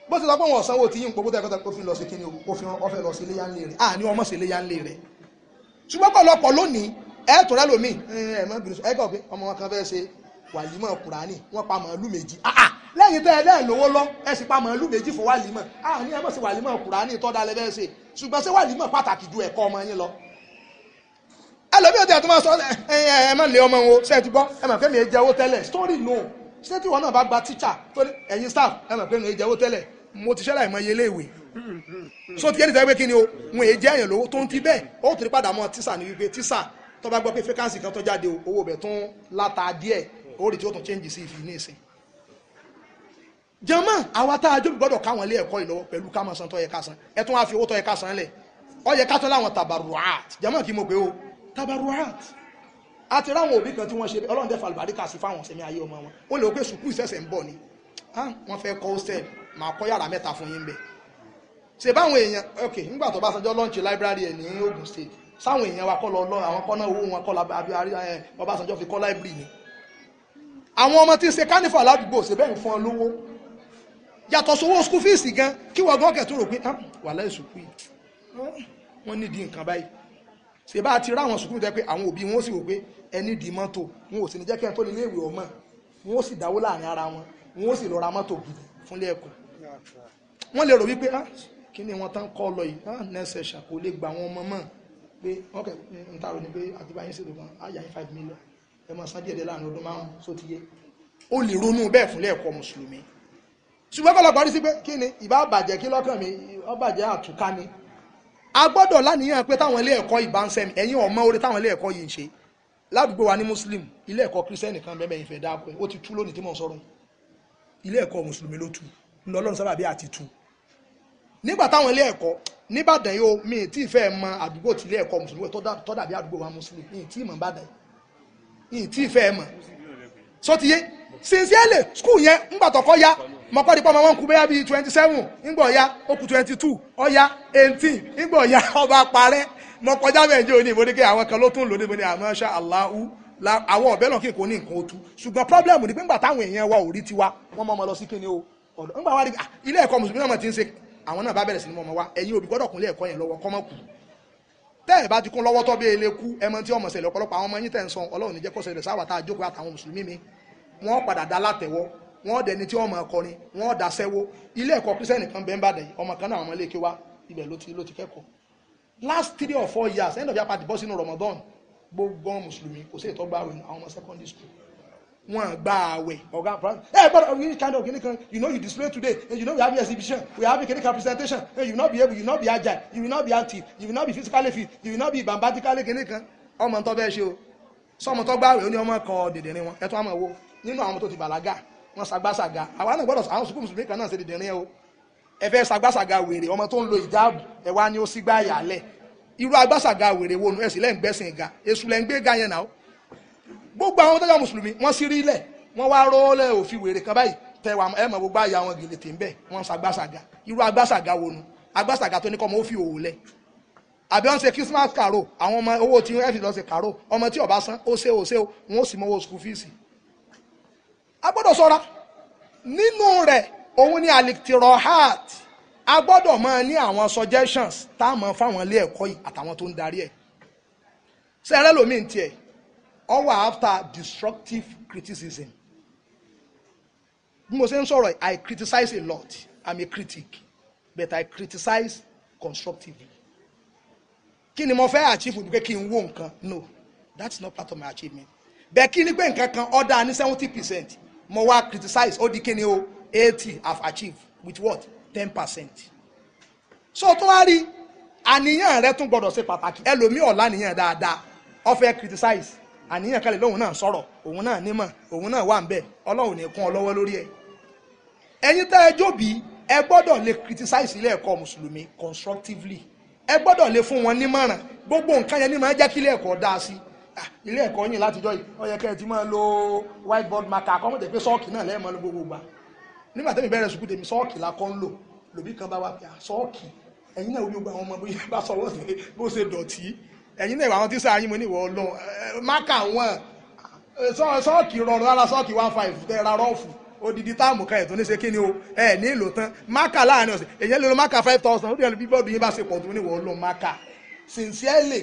bó ti sọ pé wọn sanwó tí yín pọ̀ bóta ẹ̀kọ́ta òfin lọ sí kíni òfin ọfẹ́ lọ sí iléyà nílé rẹ̀ a ní ọmọ sí iléyà nílé rẹ̀ ṣùgbọ́n pọ̀lọpọ̀ lónìí ẹ tó rẹ lómi ẹ mọ bìrì ẹ kọ̀ pé ọmọ wọn kan fẹ́ ṣe wàlímọ̀ kùránì wọn pa màálù méjì lẹ́yìn tẹ́ ẹ lẹ́ẹ̀ lówó lọ ẹ sì pa màálù méjì fún wàlímọ̀ a ní ẹ mọ̀ sí wàlímọ̀ kùránì tọ́da lẹ́fẹ́ ṣe ṣùgbọ́n ṣé wàlímọ̀ pàtàkì ju ẹ̀kọ́ ọmọ yín lọ ẹlòmíì ò tẹ̀ sọ ẹ ẹ má lé ọmọ wọn ṣe ti gbọ́ ẹ mà fẹ́ mi owó tẹ́lẹ̀ story no ṣé tí wọn náà bá gba teacher tó ní ẹ̀yin staff ẹ mà fẹ́ mi owó tẹ́lẹ̀ mo ti ṣẹlẹ̀ ìmọ̀ iye léèwé so ti yẹn nítorí pé kí ni o wọn èyí jẹ́ èèyàn lówó tó ń ti bẹ́ẹ̀ ó tún padà mọ́ tíṣà ní wípé tíṣà tó bá gbọ́ pé fẹ́kánsì kan tó jáde owó bẹ̀ tún láta díẹ̀ ó rí tí ó tún change sí ìfi ní ìsìn jẹ́mọ́ àwa tá a jóbi gbọ́dọ̀ káwọn ilé ẹ̀kọ́ ìlọ́wọ́ pẹ̀lú ká san tó yẹ ká san ẹ tún wá fi owó tó yẹ ká san lẹ̀ ó yẹ ká tún láwọn tàbàrù àt jẹ́mọ́ kí mo pé o tabaruhat àti ráwọn òbí kan tí wọ́n ṣe ọlọ́run dẹ́fà àlùbáríkà sí fáwọn ọ̀sẹ̀mí ayé ọmọ wọn ó lè ó pé sùkúù ìṣẹ̀ṣẹ̀ ń bọ̀ ni wọ́n fẹ́ kọ́ hostel máa kọ́ yàrá mẹ́ta fún yín bẹ́ẹ̀ ṣe báwọn èèyàn ok nígbà tó bá sanjọ́ lọ́ọ̀nchì library ẹ̀ ní Ogun State sáwọn èèyàn wa kọ́ lọ lọ́rùn àwọn kọ́nà owó wọn kọ́ Ọbásanjọ́ fi kọ́ library ni àwọn ọmọ tí ń ṣe kánífà ládùúgbò ṣe bẹ́ẹ̀ ń fún ọ lówó yàtọ̀ sówó school fees gan kí wọ́n gan kẹ̀ tó rò pé wàhálà ìsùnkú yìí wọ́n nídìí nǹkan báyìí ṣe bá ti ráwọn sùkúrù tẹ́ pé àwọn òbí wọn sì wò pé ẹni di mọ́tò wọn ò sì ní jẹ́ kẹ́ tó nílé ìwé ọmọ wọn ò sì dáwó láàrin ara wọn wọn ò sì lọ ra mọ́tò gidi fúnlé ẹ̀kọ́ wọ́n lè rò wípé ah kí ni wọ́n tán kọ́ lọ yìí ah nẹ́sẹ̀ ṣàkó lè gba àwọn ọmọ mọ́ pé wọ́n kẹ́ ń tarò ní pé àdúgbò ayé ṣètò kan á yà ní five million ẹ máa san díẹ̀ díẹ̀ láàrin ọdún márùn só ti yé ó lè ronú bẹ́ẹ̀ fúnlé ẹ̀kọ́ mùsùlùmí ṣùgbọ́n kọ́lọ́ parí sí pé kí ni ìbá bàjẹ́ kí lọ́kàn mi ó bàjẹ́ àtúká ni a gbọ́dọ̀ láníyàn pé táwọn ilé ẹ̀kọ́ ìbá ń sẹ́mi ẹ̀yin ọmọ orí táwọn ilé ẹ̀kọ́ yìí ń ṣe ládùúgbò wa ní muslim ilé ẹ̀kọ́ kírísítẹ́nì kan bẹ́ẹ̀ ìfẹ́ dáàbò ó ti tú lónìí tí mò ń sọ̀rọ̀ ilé ẹ̀kọ́ mùsùlùmí ló tú ńlọ ọlọ́run sábà bí àti tú nígbà táwọn ilé ẹ̀kọ́ níbàdàn yóò mi tí ì fẹ́ mọ àdúgbò tí ilé ẹ̀kọ́ mùsùlùmí tó dàbí àdúgbò wa muslim ìyìn tí ì mọ̀ bàdàn ìyìn tí ì fẹ́ mọ̀ mọ̀kọ́ di pọ́ ọmọ wọn kú bẹ́yà bíi twenty seven ńgbọ̀ ya ó twenty two ọ̀ya eighteen ńgbọ̀ ya *laughs* ọba parẹ́ mọ̀kọ́já mẹ́jẹ òní ìbò ní kí àwọn kan ló tún lò níbo ní àmọ́ ṣá aláhu àwọn ọ̀bẹ náà kì í kó ní nǹkan otu ṣùgbọ́n problem ni pé ńgbà táwọn èèyàn wa ò rí tiwa wọ́n mọ̀ ọmọ lọ sí kíni o ọ̀dọ̀ ńgbà wa rí ah, ilé ẹ̀kọ́ mùsùlùmí wa ẹ̀yin òbí gbọ́dọ̀ kúnlé ẹ̀kọ́ yẹn lọ́wọ́ kọ́mọ́ kù tẹ́ ẹ̀ bá ti kún lọ́wọ́ tọ́ bí ele kú ẹmọ tí ọmọ ṣẹlẹ̀ ọ̀pọ̀lọpọ̀ àwọn ọmọ yín tẹ̀ ń sọ ọlọ́run ní jẹ́ kó ṣẹlẹ̀ sáwà tá a jókòó àtàwọn mùsùlùmí mi wọ́n padà dá látẹ̀wọ́ wọ́n dẹni tí wọ́n máa kọrin wọ́n dá sẹ́wó ilé ẹ̀kọ́ kírísẹ́nì kan bẹ́ẹ̀ bàdàn ọmọ kan náà àwọn ọmọléèké wa ibẹ̀ ló ti ló ti kẹ́kọ̀ọ́ last three or four years end of year party bọ́ sínú Ramadan gbogbo mùsùlùmí kò sí ìtọ́gbà àwẹ̀ àwọn ọmọ secondary school wọn gba àwẹ̀ ọ̀gá ẹ gbọ́dọ̀ you kind of kìnìkan you know you display today and you know we have exhibition we have kìnìkan presentation and you no be able you no be agile you will not be active you will not be physically fit you will not be bambatically kìnìkan ọmọ tó bẹ́ẹ̀ ṣe o sọmọ tó gbà àwẹ̀ ó ní ọmọ kan dèdè ní wọn ẹ àmọ̀ wo nínú àwọn tó ti bàlágà wọ́n sagbásaga àwọn náà gbọ́dọ̀ àwọn sùkúù mùsùlùmí kan náà ṣe dìdìrín o ẹ fẹ́ sagbásaga wèrè ọmọ tó ń lo ìjáàbù ẹ wá ní ó sí gbá yàlẹ̀ irú agbásaga wèrè wo nu ẹ sì lẹ́ ga èṣù lẹ́ ń gbé ga yẹn náà gbogbo àwọn tó jẹ́ mùsùlùmí wọ́n sì rí ilẹ̀ wọ́n wá rọ́ọ́lẹ̀ òfin wèrè kan báyìí tẹwàá ẹ mọ̀ gbogbo àyà wọn gèlè tè ń bẹ̀ wọ́n sagbásaga irú agbásaga wo nu agbásaga tó ní kọ́ mọ́ ó òwò lẹ̀ àbí wọ́n ṣe Christmas karo àwọn ọmọ owó tí wọ́n fi lọ ṣe karo ọmọ tí ó bá san ó ṣe ó ṣe wọn ó sì mọ owó school fees a gbọ́dọ̀ ṣọ́ra nínú rẹ̀ òun ni alikitiro heart a gbọ́dọ̀ máa ní àwọn suggestions tá a máa fáwọn ilé ẹ̀kọ́ yìí àtàwọn tó ń darí ẹ̀ sẹ́rẹ́ lomi ń tiẹ̀ ọwọ́ after destructive criticism bí mo ṣe ń sọ̀rọ̀ I criticize a lot I'm a critic but I criticize constructively kí ni mo fẹ́ achieve wípé kí n wo nǹkan no that's not part of my achievement bẹ́ẹ̀ kí ni pé nǹkan kan ọ̀dà ní seventy percent mo wa criticize ó di kíni o eighty have achieved with what ten percent. so tó wá rí àníyàn rẹ tún gbọdọ̀ ṣe pàtàkì ẹlòmíì ọ̀la nìyàn dáadáa ó fẹ́ criticize àníyàn kalẹ̀ lóhun náà sọ̀rọ̀ òun náà nímọ̀ òun náà wà ń bẹ̀ ọlọ́run ní kún ọ lọ́wọ́ lórí ẹ̀ ẹ̀yin tẹ́ ẹ jóbi ẹ gbọ́dọ̀ lè criticize ilé ẹ̀kọ́ mùsùlùmí constructively ẹ gbọ́dọ̀ lè fún wọn nímọ̀ràn gbogbo nǹkan yẹn ní máa jẹ́ kí ilé ẹ̀kọ́ dáa sí i Ah, ilé ẹ̀kọ́ yìn látijọ́ yìí ó yẹ kẹ́ ẹ ti máa lo whiteboard marker kọ́ mọ̀tẹ́ pé sọ́ọ̀kì náà lẹ́ẹ̀mọ́ ló gbogbo gbà nígbà tẹ́mi bẹ̀rẹ̀ sùkúl tèmi sọ́ọ̀kì la kọ́ ń lò lòbí kan bá wà pé sọ́ọ̀kì ẹ̀yin náà orí gbogbo àwọn ọmọ bóyá bá sọ̀rọ̀ sí bó ṣe dọ̀tí ẹ̀yin náà àwọn tíṣà yín mo ní ìwọ ọlọ́ máka wọn sọ́ọ̀kì rọrùn rárá sọ́ọ̀kì one five tẹ́ ra rọ́ọ̀fù odidi táàmù kan ẹ̀tọ́ ní ṣe kí ni o ẹ ní ìlò tán máka láàrin ọ̀sẹ̀ èyàn lè lo máka five thousand ó dẹ̀ lè bí bọ́ọ̀dù yín bá ṣe pọ̀ tó ní ìwọ ọlọ́ máka sincerely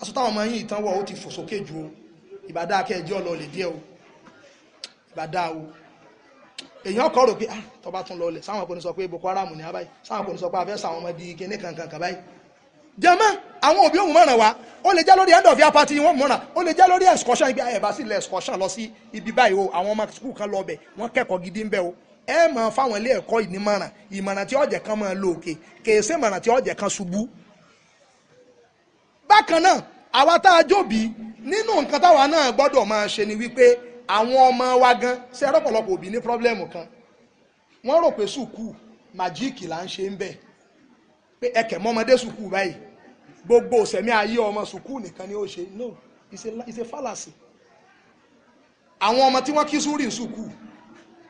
aṣọ táwọn ọmọ yín ìtàn wọ̀ ó ti fò sókè ju o ìbàdá akẹ́ẹ̀jẹ́ ọlọ́ọ̀lẹ̀ díẹ̀ o ìbàdá o èyàn kọ́ rò pé ah tó bá tún lọlẹ̀ sáwọn ọkùnrin sọ pé Boko Haram ní abáyé sáwọn ọkùnrin sọ pé afẹ́ sáwọn ọmọ di kíní kankan kan báyìí. àwọn òbí òun mọ̀ràn wa ó lè jẹ́ lórí end of year party wọ́n mọ̀ràn ó lè jẹ́ lórí excursion ibi ayẹ̀bá ah, sí ilẹ̀ excursion lọ sí ibi báyìí o àwọn ọmọ sukùl kan lọ bẹ̀ wọ́n kẹ́kọ̀ọ́ gidi ń bẹ̀ o ẹ mọ̀ fáwọn ilé ẹ̀kọ́ ìnímọ̀ràn ìmọ̀ràn tí ọ̀jẹ̀ kan máa lò òkè kèé sí ìmọ̀ràn tí ọ̀jẹ̀ kan ṣubú bákan náà àwa tá a jòbí nínú nǹkan táwa náà gbọ́dọ̀ máa ṣe ni wípé àwọn ọmọ wa gan ṣe rọ́pọ̀lọpọ̀ òbí ní pírọ́blẹ́mù kan wọ́n rò pé sùkú màjíìkì là ń ṣe ń bẹ̀ pé ẹkẹ̀ mọ́mọdé sùkú báyìí gbogbo ìṣẹ̀mí ayé ọmọ sùkú nìkan ni ó ṣe no it's a, it's a fallacy àwọn ọmọ tí wọ́n kí súrì ń sùkú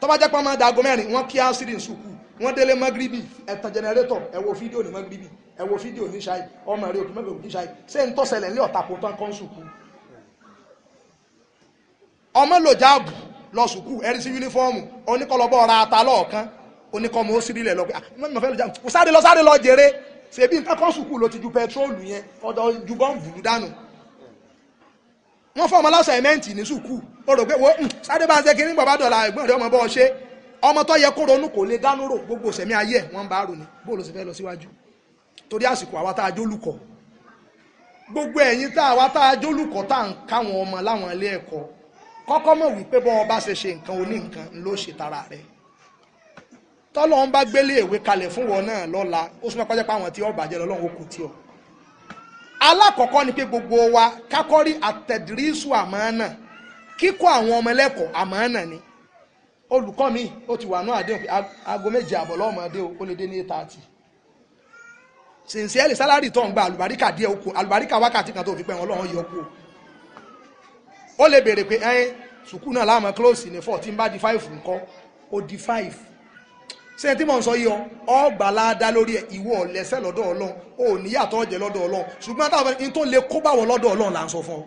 tó bá jẹ́ pé ọmọ dago mẹ́rin wọ́n kí ásírì ń sùkú wọ́n délé mọ́gíríbì ẹ̀tàn jẹnẹrétọ̀ ẹ fídíò ní mọ́gíríbì ẹ wo fídíò ní ṣáì ọmọ rẹ òkè mẹ́fẹ̀ẹ́ òkè ṣáì ṣé ń tọ́sẹ̀lẹ̀ ní ọ̀tàpọ̀ tán kan sùkú ọmọ lò jáàbù lọ sùkú ẹrí sí yúnífọ́ọ̀mù oníkọlọ́bọ̀ ra ata lọ́ọ̀kan oníkọmọ ó sírí ilẹ̀ lọ pé ah, mọ̀ fẹ́ lọ jáàbù kò sáré lọ sáré lọ jèrè ṣèbí nǹkan kan sùkú ló ti ju pẹtrólù yẹn ọ̀dọ̀ ju bọ́ǹbù lù dànù wọ́n fọ́ ọmọ lọ́sọ̀ ẹ̀mẹ́ǹtì ní sùkú ó rò pé wo hmm, sáré bá ń ṣe kínní bàbá dọ̀la ẹ̀gbọ́n rẹ̀ ọmọ bọ́ ọ ṣe ọmọ tó yẹ kó ronú kò lè dánú rò gbogbo ìṣẹ̀mí ayé ẹ̀ wọ́n bá rò ní bóòlù sì fẹ́ lọ síwájú torí àsìkò àwa tá a jólùkọ́ gbogbo ẹ̀yin tá àwa tá a jólùkọ́ tá à ń káwọn ọmọ láwọn ilé ẹ̀kọ́ kọ́kọ́ mọ̀ wípé bọ́ ọba ṣe ṣe nǹkan oní nǹkan ló ṣe tara rẹ̀ tọ́lọ́ bá gbélé ìwé kalẹ̀ fún wọn náà lọ́la ó súnmọ́ pẹ́jẹ́ àwọn tí ó bàjẹ́ lọ́lọ́run ó kù tí ọ. alákọ̀ọ́kọ́ ni pé gbogbo wa kákọ́rí àtẹ̀dírísù àmánà kíkọ́ àwọn ọmọ ẹlẹ́kọ̀ọ́ àmánà ni olùkọ́ mi ó ti wà ní àdéhùn aago méje àbọ̀ ó lè dé ní eight thirty sincerely salary tó ń gba àlùbáríkà díẹ̀ oko àlùbáríkà wákàtí kan tó fi pẹ́ wọn lọ́wọ́ yọ kú o ó lè béèrè pé ẹ́yìn sùkúù náà láàmú close ní four tí n bá di five nǹkan ó di five ṣé tí mò ń sọ yìí ọ ọgbà láadá lórí ẹ ìwọ ọlẹsẹ lọ́dọ̀ Ọlọ́run ò níyàtọ̀ ọjẹ lọ́dọ̀ Ọlọ́run ṣùgbọ́n táwọn ní tó lè kó báwọ lọ́dọ̀ Ọlọ́run là ń sọ fún ọ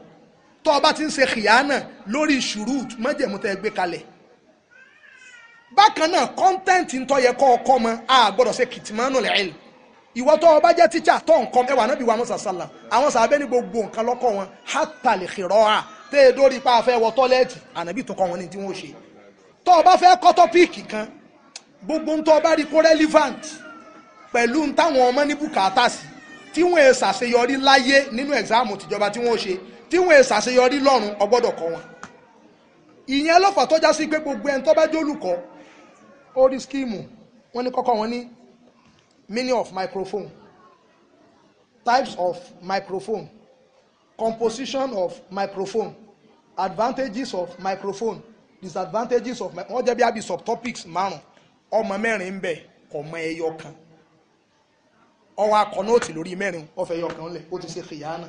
tó o bá ti ń ṣe kìyànà lórí ṣùrùt mọ́jẹ̀mú tẹ́ gbé kalẹ̀ bákan náà kọ́ńtẹ́ǹtì ń tọ́ yẹ kọ́ ọkọ́ mọ́ a ṣe kìtìmánù lẹ́yìn ìwọ tó ọba jẹ́ tíṣà tó nǹkan ẹwà náà bí wà mọ́sà sálà àwọn sàbẹ́ ní gbogbo nǹkan lọ́kọ̀ wọn hátàlì xìrọ́à tẹ́ ẹ dórí pa afẹ́ wọ tọ́lẹ́ẹ̀tì ànábì tó kọ́ wọn ní tí wọ́n ṣe tó ọba fẹ́ kọ́ tọ́píìkì kan gbogbo ntọ́ ọba rí kó relevant pẹ̀lú ntáwọn ọmọ ní bùkátà sí tí wọ́n ẹ̀ ṣàṣeyọrí láyé nínú ẹ̀gzáàmù tìjọba tí wọ́n ṣe tí wọ́n ẹ̀ ṣàṣeyọrí lọ́run ọgbọ́dọ̀ kọ́ wọn ìyẹn lọ́fà tọ́já sí pé gbogbo ẹni tó bá jólùkọ́ ó rí skíìmù wọ́n ní kọ́kọ́ wọn ní meaning of microphone types of microphone composition of microphone advantages of microphone disadvantages of microphone wọ́n jẹ́ bí àbí subtopics márùn ọmọ mẹ́rin ń bẹ ọmọ ẹyọ kan ọwọ́ akọ nóòtì lórí mẹ́rin ọfẹ ẹyọ kan lẹ̀ ó ti ṣe kìyàánà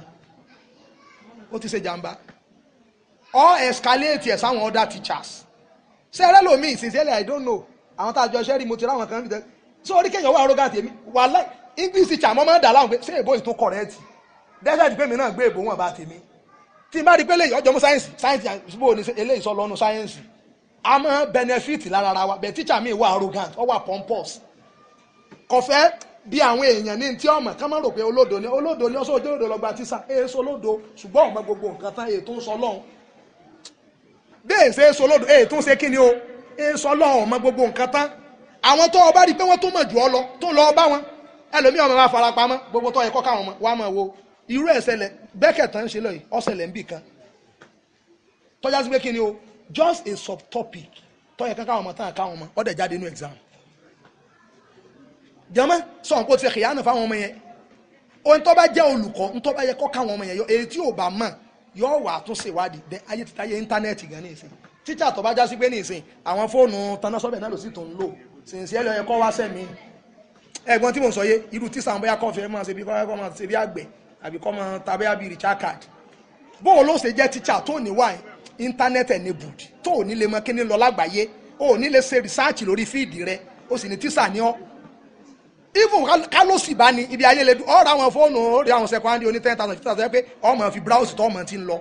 ó ti ṣe jàǹbá all escalate ẹ̀ sáwọn other teachers ṣe eré lomi sincerely i don't know àwọn tá a jọ ṣẹ́rí mo ti ráwọn kan níbi tẹ́lẹ̀ so orí kéèyàn wá arrogant èmi wà láì english teacher mo máa ń dà láwọn pé ṣé èbó yìí tún correct desert pé mi náà gbé èbó wọn bá tèmi tí n bá rí pé lè ọjọ́ mú sáyẹ́nsì sáyẹ́nsì àbúrò ní eléyìí sọ lọ́nu sáyẹ́nsì a máa benefit lára ara wa bẹ́ẹ̀ teacher mi wà arrogant ó wà pompous kò fẹ́ bí àwọn èèyàn ní tí ọmọ ká má rò pé olódo ni olódo ni ọsọ ojúlódo lọgbà tíṣà èso olódo ṣùgbọ́n ọmọ gbogbo nǹkan tán ètò ń sọ lọ́hùn bẹ́ẹ̀ ṣe èso olódo ètò ń ṣe kí ni o èso ọlọ́hùn ọmọ gbogbo nǹkan tán àwọn tó ọba rí pé wọ́n tó mọ̀ jù ọ lọ tó lọ bá wọn ẹlòmíì ọmọ máa fara pamọ́ gbogbo tó yẹ kọ́ káwọn ọmọ wa máa wo irú ẹ̀ ṣẹlẹ̀ bẹ́ẹ̀kẹ̀ tán ń ṣe lọ́yìn ọ̀ṣẹlẹ̀ ń bì kan tọ́já sí pé kí ni o just a subtopic tó yẹ káwọn ọmọ tán káwọn ọmọ ọ̀dẹ̀ jáde nínú exam jẹ́mọ́ sọ̀n kó ti ṣe kìyànà fáwọn ọmọ yẹn ohun tó bá jẹ́ olùkọ́ ohun tó bá yẹ kọ́ káwọn ọmọ yẹn yọ èyí tí ò bá mọ̀ yóò wà tún ṣèwádìí then ayé ti táyé íńtánẹ́ẹ̀tì gan ní ìsìn tíṣà tó bá já sí pé ní ìsìn àwọn fóònù tanásọ́bẹ̀ náà ló sì tún ń lò sincere lọ́yẹ kọ́ wá sẹ́mi ẹ̀gbọ́n tí mo sọ yé irú tí sàmbóyá kọ́ fẹ́ máa ṣe bí kọ́ máa ṣe bí àgbẹ̀ àbí kọ́ máa tàbí àbí richard card bóò ló ṣe jẹ́ tíṣà tó ní wáyé internet enabled tó ò ní lè mọ kí ni lọ lágbàáyé o ò ní lè ṣe research lórí fíìdì rẹ o sì ní tíṣà ní ọ́ even kálọ́sì bá ní ibi ayélujára ọ̀rọ̀ àwọn fóònù ó rí àwọn sẹ́kọ̀ọ́ àndí oní ten thousand fifty thousand pé ọmọ fi browse tó ọmọ ti ń lọ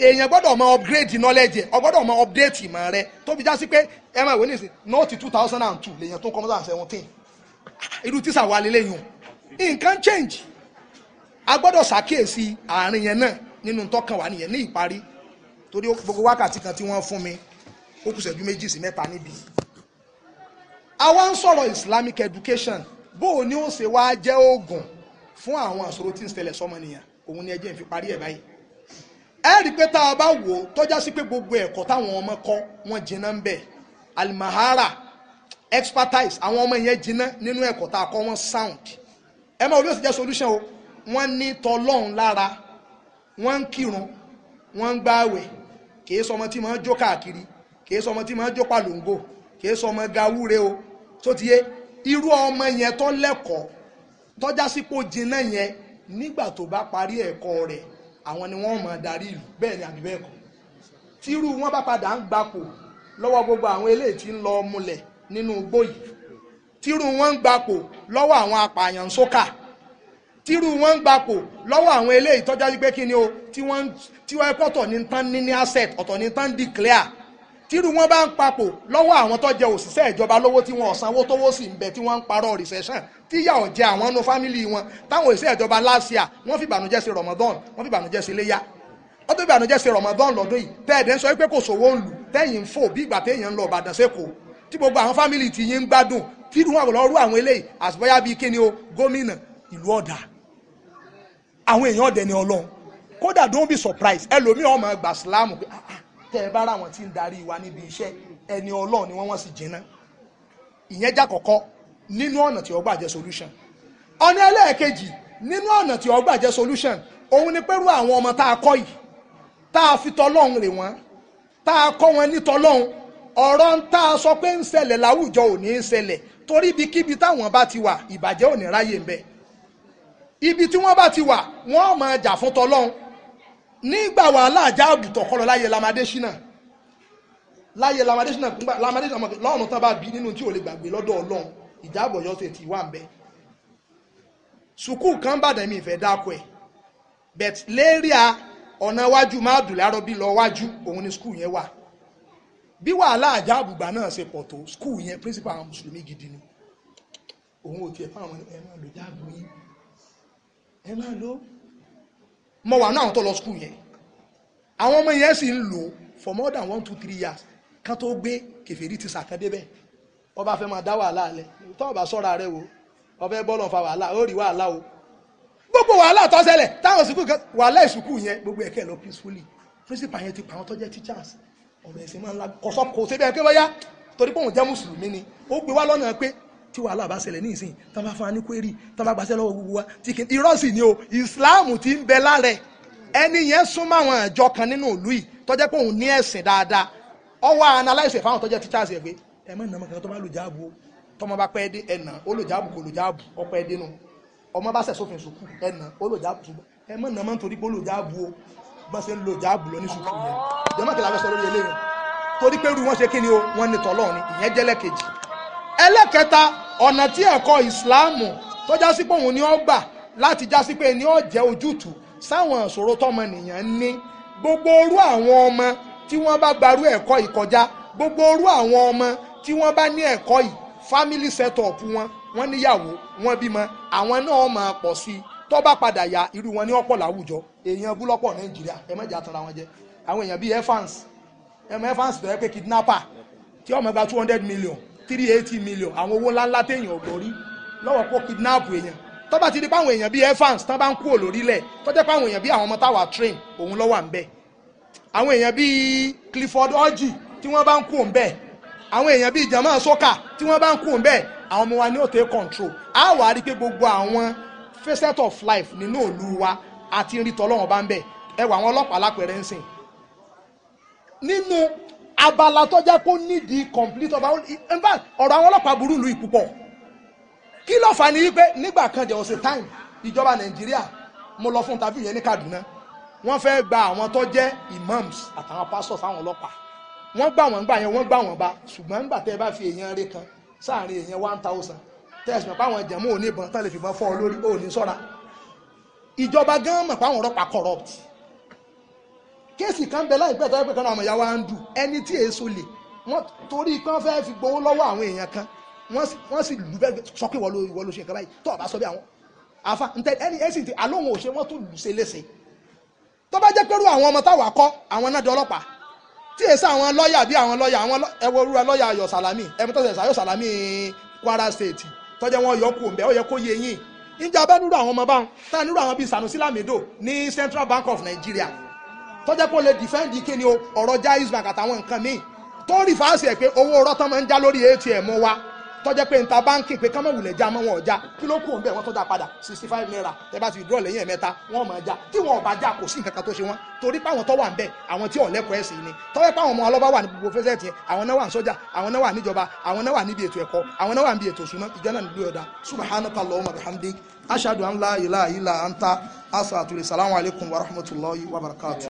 èèyàn gbọ́dọ̀ máa upgrade knowledge ẹ̀ ọ gbọ́dọ̀ máa update ìmọ̀ rẹ tó fi já sí pé ẹ máa wò ní ìsìn nọ́ọ̀tì two thousand and two lèèyàn tó ń kọ́ mọ́tò seventeen irú tíṣà wà lélẹ́yìn o nǹkan change a gbọ́dọ̀ ṣàkíyèsí àárín yẹn náà nínú tọ́kàn wà nìyẹn ní ìparí torí gbogbo wákàtí kan tí wọ́n fún mi ó kù ṣẹ́jú méjì sí mẹ́ta níbí. àwa ń sọ̀rọ̀ Islamic education bó o ní ó ṣe wá jẹ́ oògùn fún àwọn àṣòro tí ń ṣẹlẹ̀ sọ́mọnìyàn òun ni ẹ jẹ́ n fi parí ẹ̀ báyìí ẹ rí i pé tá a gbogbo ẹ̀kọ́ táwọn ọmọ kọ́ jiná ń bẹ̀ alimahara expertise àwọn ọmọ yẹn jiná nínú ẹ̀kọ́ tá a kọ́ sound ẹ máa wọlé òsèjẹ́ solution o wọ́n ní tọlọ́hún lára wọ́n ń kírun wọ́n ń gbáwẹ̀ kìí sọmọ tí máa ń jó káàkiri kìí sọmọ tí máa ń jó pàlóńgò kìí sọmọ gawúre o tó ti yé irú ọmọ yẹn àwọn ni wọ́n máa darí ìlú bẹ́ẹ̀ ni àbí bẹ́ẹ̀ kọ́ tírú wọn bá padà ń gbapò lọ́wọ́ gbogbo àwọn eléyìí tí ń lọ múlẹ̀ nínú igbó yìí tírú wọn ń gbapò lọ́wọ́ àwọn apààyàn sókà tírú wọn ń gbapò lọ́wọ́ àwọn eléyìí tọ́jà wípé kí ni o tí wọ́n tí wọ́n ní tán ní asset ọ̀tọ̀ ní tán declare tírú wọn bá ń papọ̀ lọ́wọ́ àwọn tó jẹ òṣìṣẹ́ ìjọba lówó tí wọn ọ̀sánwó tówó sì ń bẹ tí wọ́n ń parọ́ recession tíyà ọ̀jẹ̀ àwọn nu fámìlì wọn táwọn òṣìṣẹ́ ìjọba last year wọ́n fi ìbànújẹ́ sí Ramadan wọ́n fi ìbànújẹ́ sí iléyà wọ́n tó ìbànújẹ́ sí Ramadan lọ́dún yìí tẹ́ẹ̀dẹ́ ń sọ pé kò sówó ń lù tẹ́yìn ń fò bí ìgbà téèyàn ń lọ Ìbàdàn sẹ́kọ̀ọ́ tí gbogbo àwọn fámìlì ti yín ń gbádùn tírú wọn lọ́rú àwọn eléyìí àsìbọ́yá o gómìnà ìlú don't be surprised ẹlòmíràn ọmọ ẹgbà sílámù tẹ́ ẹ bá ra àwọn tí ń darí wa níbi iṣẹ́ ẹni ọlọ́run ni wọ́n wọ́n sì jìnnà ìyẹn já kọ̀kọ́ nínú ọ̀nà tí ọgbà jẹ́ solution ọ̀nà ẹlẹ́ẹ̀kejì nínú ọ̀nà tí ọgbà jẹ́ solution òun ni pẹ̀lú àwọn ọmọ tá a kọ́ yìí tá a fi tọ́lọ́run rè wọ́n tá a kọ́ wọn ní tọ́lọ́run ọ̀rọ̀ ń tá a sọ pé ń ṣẹlẹ̀ láwùjọ ò ní í ṣẹlẹ̀ torí ibikíbi táwọn bá ti wà ìbàjẹ́ ò ráyè ń bẹ ibi tí wọ́n bá ti wà wọ́n máa jà fún tọ́lọ́run nígbà wàhálà ajá àbùtọ̀ kọlọ láyé lamadésínà láyé lamadésínà kúngbà lamadésínà lọ́rùn tán bá bí nínú tí ò lè gbàgbé lọ́dọ̀ ọlọ́run ìjábọ̀ yọ sí ti wà ń bẹ sùkúù kan bàdàn mi ìfẹ́ dákọ ẹ̀ bet léríà ọ̀nà iwájú máa dùn lárọ́ bí lọ wájú òun ni sùkúù yẹn wà bí wàhálà ajá àbùgbà náà ṣe pọ̀ tó sùkúù yẹn principal àwọn mùsùlùmí gidi ni òun ò tiẹ̀ fáwọn ẹ̀ máa lò jáàbù yín ẹ máa lò ó mo wà náà tó lọ skul yẹn àwọn ọmọ yẹn sì ń lò for more than one two three years kán tó gbé kẹfẹ́rí ti sàkán débẹ̀ ọba fẹ́ máa dá wàhálà alẹ́ tó ọba sọ́ra rẹ wo ọbẹ̀ bọ́ọ̀lù fa wàhálà ó rí wàhálà o gbogbo wàhálà tó ṣẹlẹ̀ táwọn sùkúù kan wàhálà ìsùkúù yẹn gbogbo ẹ̀kẹ́ lọ peacefully principal yẹn ti pa àwọn tó jẹ́ teachers ọ̀rọ̀ ẹ̀sìn máa ń la kọ̀sọ́kọ̀ ṣe bẹ́ẹ̀ pé wáyá torí pé òun jẹ́ mùsùlùmí ni ó gbé wá lọ́nà pé tí wàhálà bá ṣẹlẹ̀ ní ìsìn tán bá fún wa ní kwérì tán bá gbàṣẹ́ lọ́wọ́ gbogbo wa tí kì í irọ́ sì ni o ìsìláàmù ti ń bẹ lára ẹni yẹn súnmọ́ àwọn àjọ kan nínú ìlú yìí tọ́jẹ́ pé òun ní ẹ̀sìn dáadáa ọwọ́ analyse ẹ̀ fáwọn tọ́jẹ́ teachers ẹ̀ pé ẹ mọ̀ ìnáwó kan tó bá lò jáàbù o tọmọ bá pẹ́ dé ẹ̀nà ó lò jáàbù kò lò jáàbù ọpẹ́ ẹ̀ dénú ọmọ bá sẹ̀ sófin sùkú ẹ̀nà ó lò jáàbù ṣùgbọ́n ẹ torí pé irú wọn ṣe kí ni o wọn ní tọ́lọ́ ni ìyẹn jẹ́lẹ́kejì ẹlẹ́kẹta ọ̀nà tí ẹ̀kọ́ ìsìláàmù tó já sí pé òun ni ó gbà láti já pé ni ó jẹ́ ojútùú sáwọn ìṣòro tọmọnìyàn ní gbogbo orú àwọn ọmọ tí wọ́n bá gbarú ẹ̀kọ́ yìí gbogbo orú àwọn ọmọ tí wọ́n bá ní ẹ̀kọ́ yìí family set up wọn wọ́n níyàwó wọ́n bímọ àwọn náà máa pọ̀ sí i tó bá padà yá irú wọn ní ọ̀pọ̀ láwùjọ èèyàn búlọ́pọ̀ nàìjíríà ẹ mẹ́jọ àtàrà wọn jẹ àwọn èèyàn bíi evans ẹmọ evans tó yẹ pé kidnapper tí ọmọ gba two hundred million three eighty million àwọn owó ńláńlá téèyàn ọ̀gbọ́n rí lọ́wọ́ kó kidnap èèyàn tó bá ti di páwọn èèyàn bíi evans tán bá ń kúrò lórílẹ̀ tó jẹ́ páwọn èèyàn bíi àwọn ọmọ táwa train òun lọ́wọ́ à ń bẹ̀ àwọn èèyàn bíi clifford orji tí wọ́n bá ń kúrò ń bẹ̀ àwọn èèyàn bíi jama soka tí wọ́n bá ń kúrò ń bẹ̀ àwọn ọmọ wa ni ó take control á wà á rí i pé gbogbo àwọn facet of life nínú òlu wa àti rí tọ́lọ́wọ́n bá ń bẹ̀ ẹ wà àwọn ọlọ́pàá lápẹ̀rẹ̀ ń sìn nínú abala tó jẹ́ kó nídìí complete ọba in fact ọ̀rọ̀ àwọn ọlọ́pàá burú lu ìpupọ̀ kí ló fà ní wípé nígbà kan jẹ́ ọ̀sẹ̀ time ìjọba nàìjíríà mo lọ fún tàbí ìyẹn ní kaduna wọ́n fẹ́ gba àwọn tó jẹ́ imams àtàwọn pastors àwọn ọlọ́pàá wọ́n gbà wọ́n gbà yẹn wọ́n gbà wọ́n bá ṣùgbọ́n nígbà tẹ́ ẹ bá fi èèyàn rẹ kan sáàrin èèyàn one thousand Test, mọ̀ páwọn jẹ̀mú òní ìbọn tán lè fìbọn fọ́ ọ lórí òní sọ́ra ìjọba gan mọ̀ páwọn ọlọ́pàá corrupt kéèsì kan bẹ láìpẹ́ tó yẹ pé kan náà àmọ̀ ìyàwó andu ẹni tí èso lè wọ́n torí kan fẹ́ fi gbowó lọ́wọ́ àwọn èèyàn kan wọ́n sì lù bẹ́ẹ̀ sọ pé wọ́n ló ṣe nǹkan báyìí tó ọ̀bá sọ bí àwọn afa ntẹ ẹni ẹsìn ti àlóhùn òṣè wọ́n tó lù ṣe léṣe tó bá jẹ́ pẹ́rú àwọn ọmọ táwa kọ́ àwọn náà di ọlọ́pàá tí èso àwọn lọ́ọ̀yà bí àwọn lọ́ọ̀yà àwọn ẹwọ́rúwa lọ́ọ̀yà ayọ̀ sàlámì ẹ̀mí tó ṣẹ̀ṣẹ̀ ayọ̀ sàlámì Kwara State tọ́jẹ́ wọn yọ kó ń bẹ́ ọ yẹ kó yẹ yín ìjà bẹ́ẹ̀ nírú àwọn ọmọ báwọn táwọn nírú àwọn bíi Sanusi Lamido ní Central Bank of Nigeria tọ́jẹ́ kó lè dìfẹ́ǹdì kíni o ọ̀rọ̀ Jaiz Bank àtàwọn nǹkan míì tó rí fàásì ẹ̀ pé owó ọ̀rọ̀ tán máa ń já lórí ATM wa tọ́jẹ́ pé nta báńkì pé kámọ́ wulẹ̀ já mọ́ wọn ọ̀já kí ló kù ń bẹ̀ wọ́n tọ́jà padà sixty five naira tẹ́ bá ti withdraw lẹ́yìn ẹ̀mẹ́ta wọ́n máa já tí wọn ọ̀bà já kò sí nǹkan kan tó ṣe wọ́n torí páwọn tó wà ń bẹ̀ àwọn tí ọ̀lẹ́kọ̀ọ́ ẹ̀sìn ni tọ́wẹ́ páwọn ọmọ ọlọ́ba wà ní gbogbo fẹ́sẹ̀tì àwọn náà wà ní sọ́jà àwọn náà wà níjọba àwọn náà wà níbi ètò ẹ̀kọ́ àwọn náà wà níbi ètò ìṣúná ìjọ náà nílùú ọ̀dà subhanaka allahumma bihamdik ashhadu an la ilaha illa anta astaghfiruka wa atubu ilayk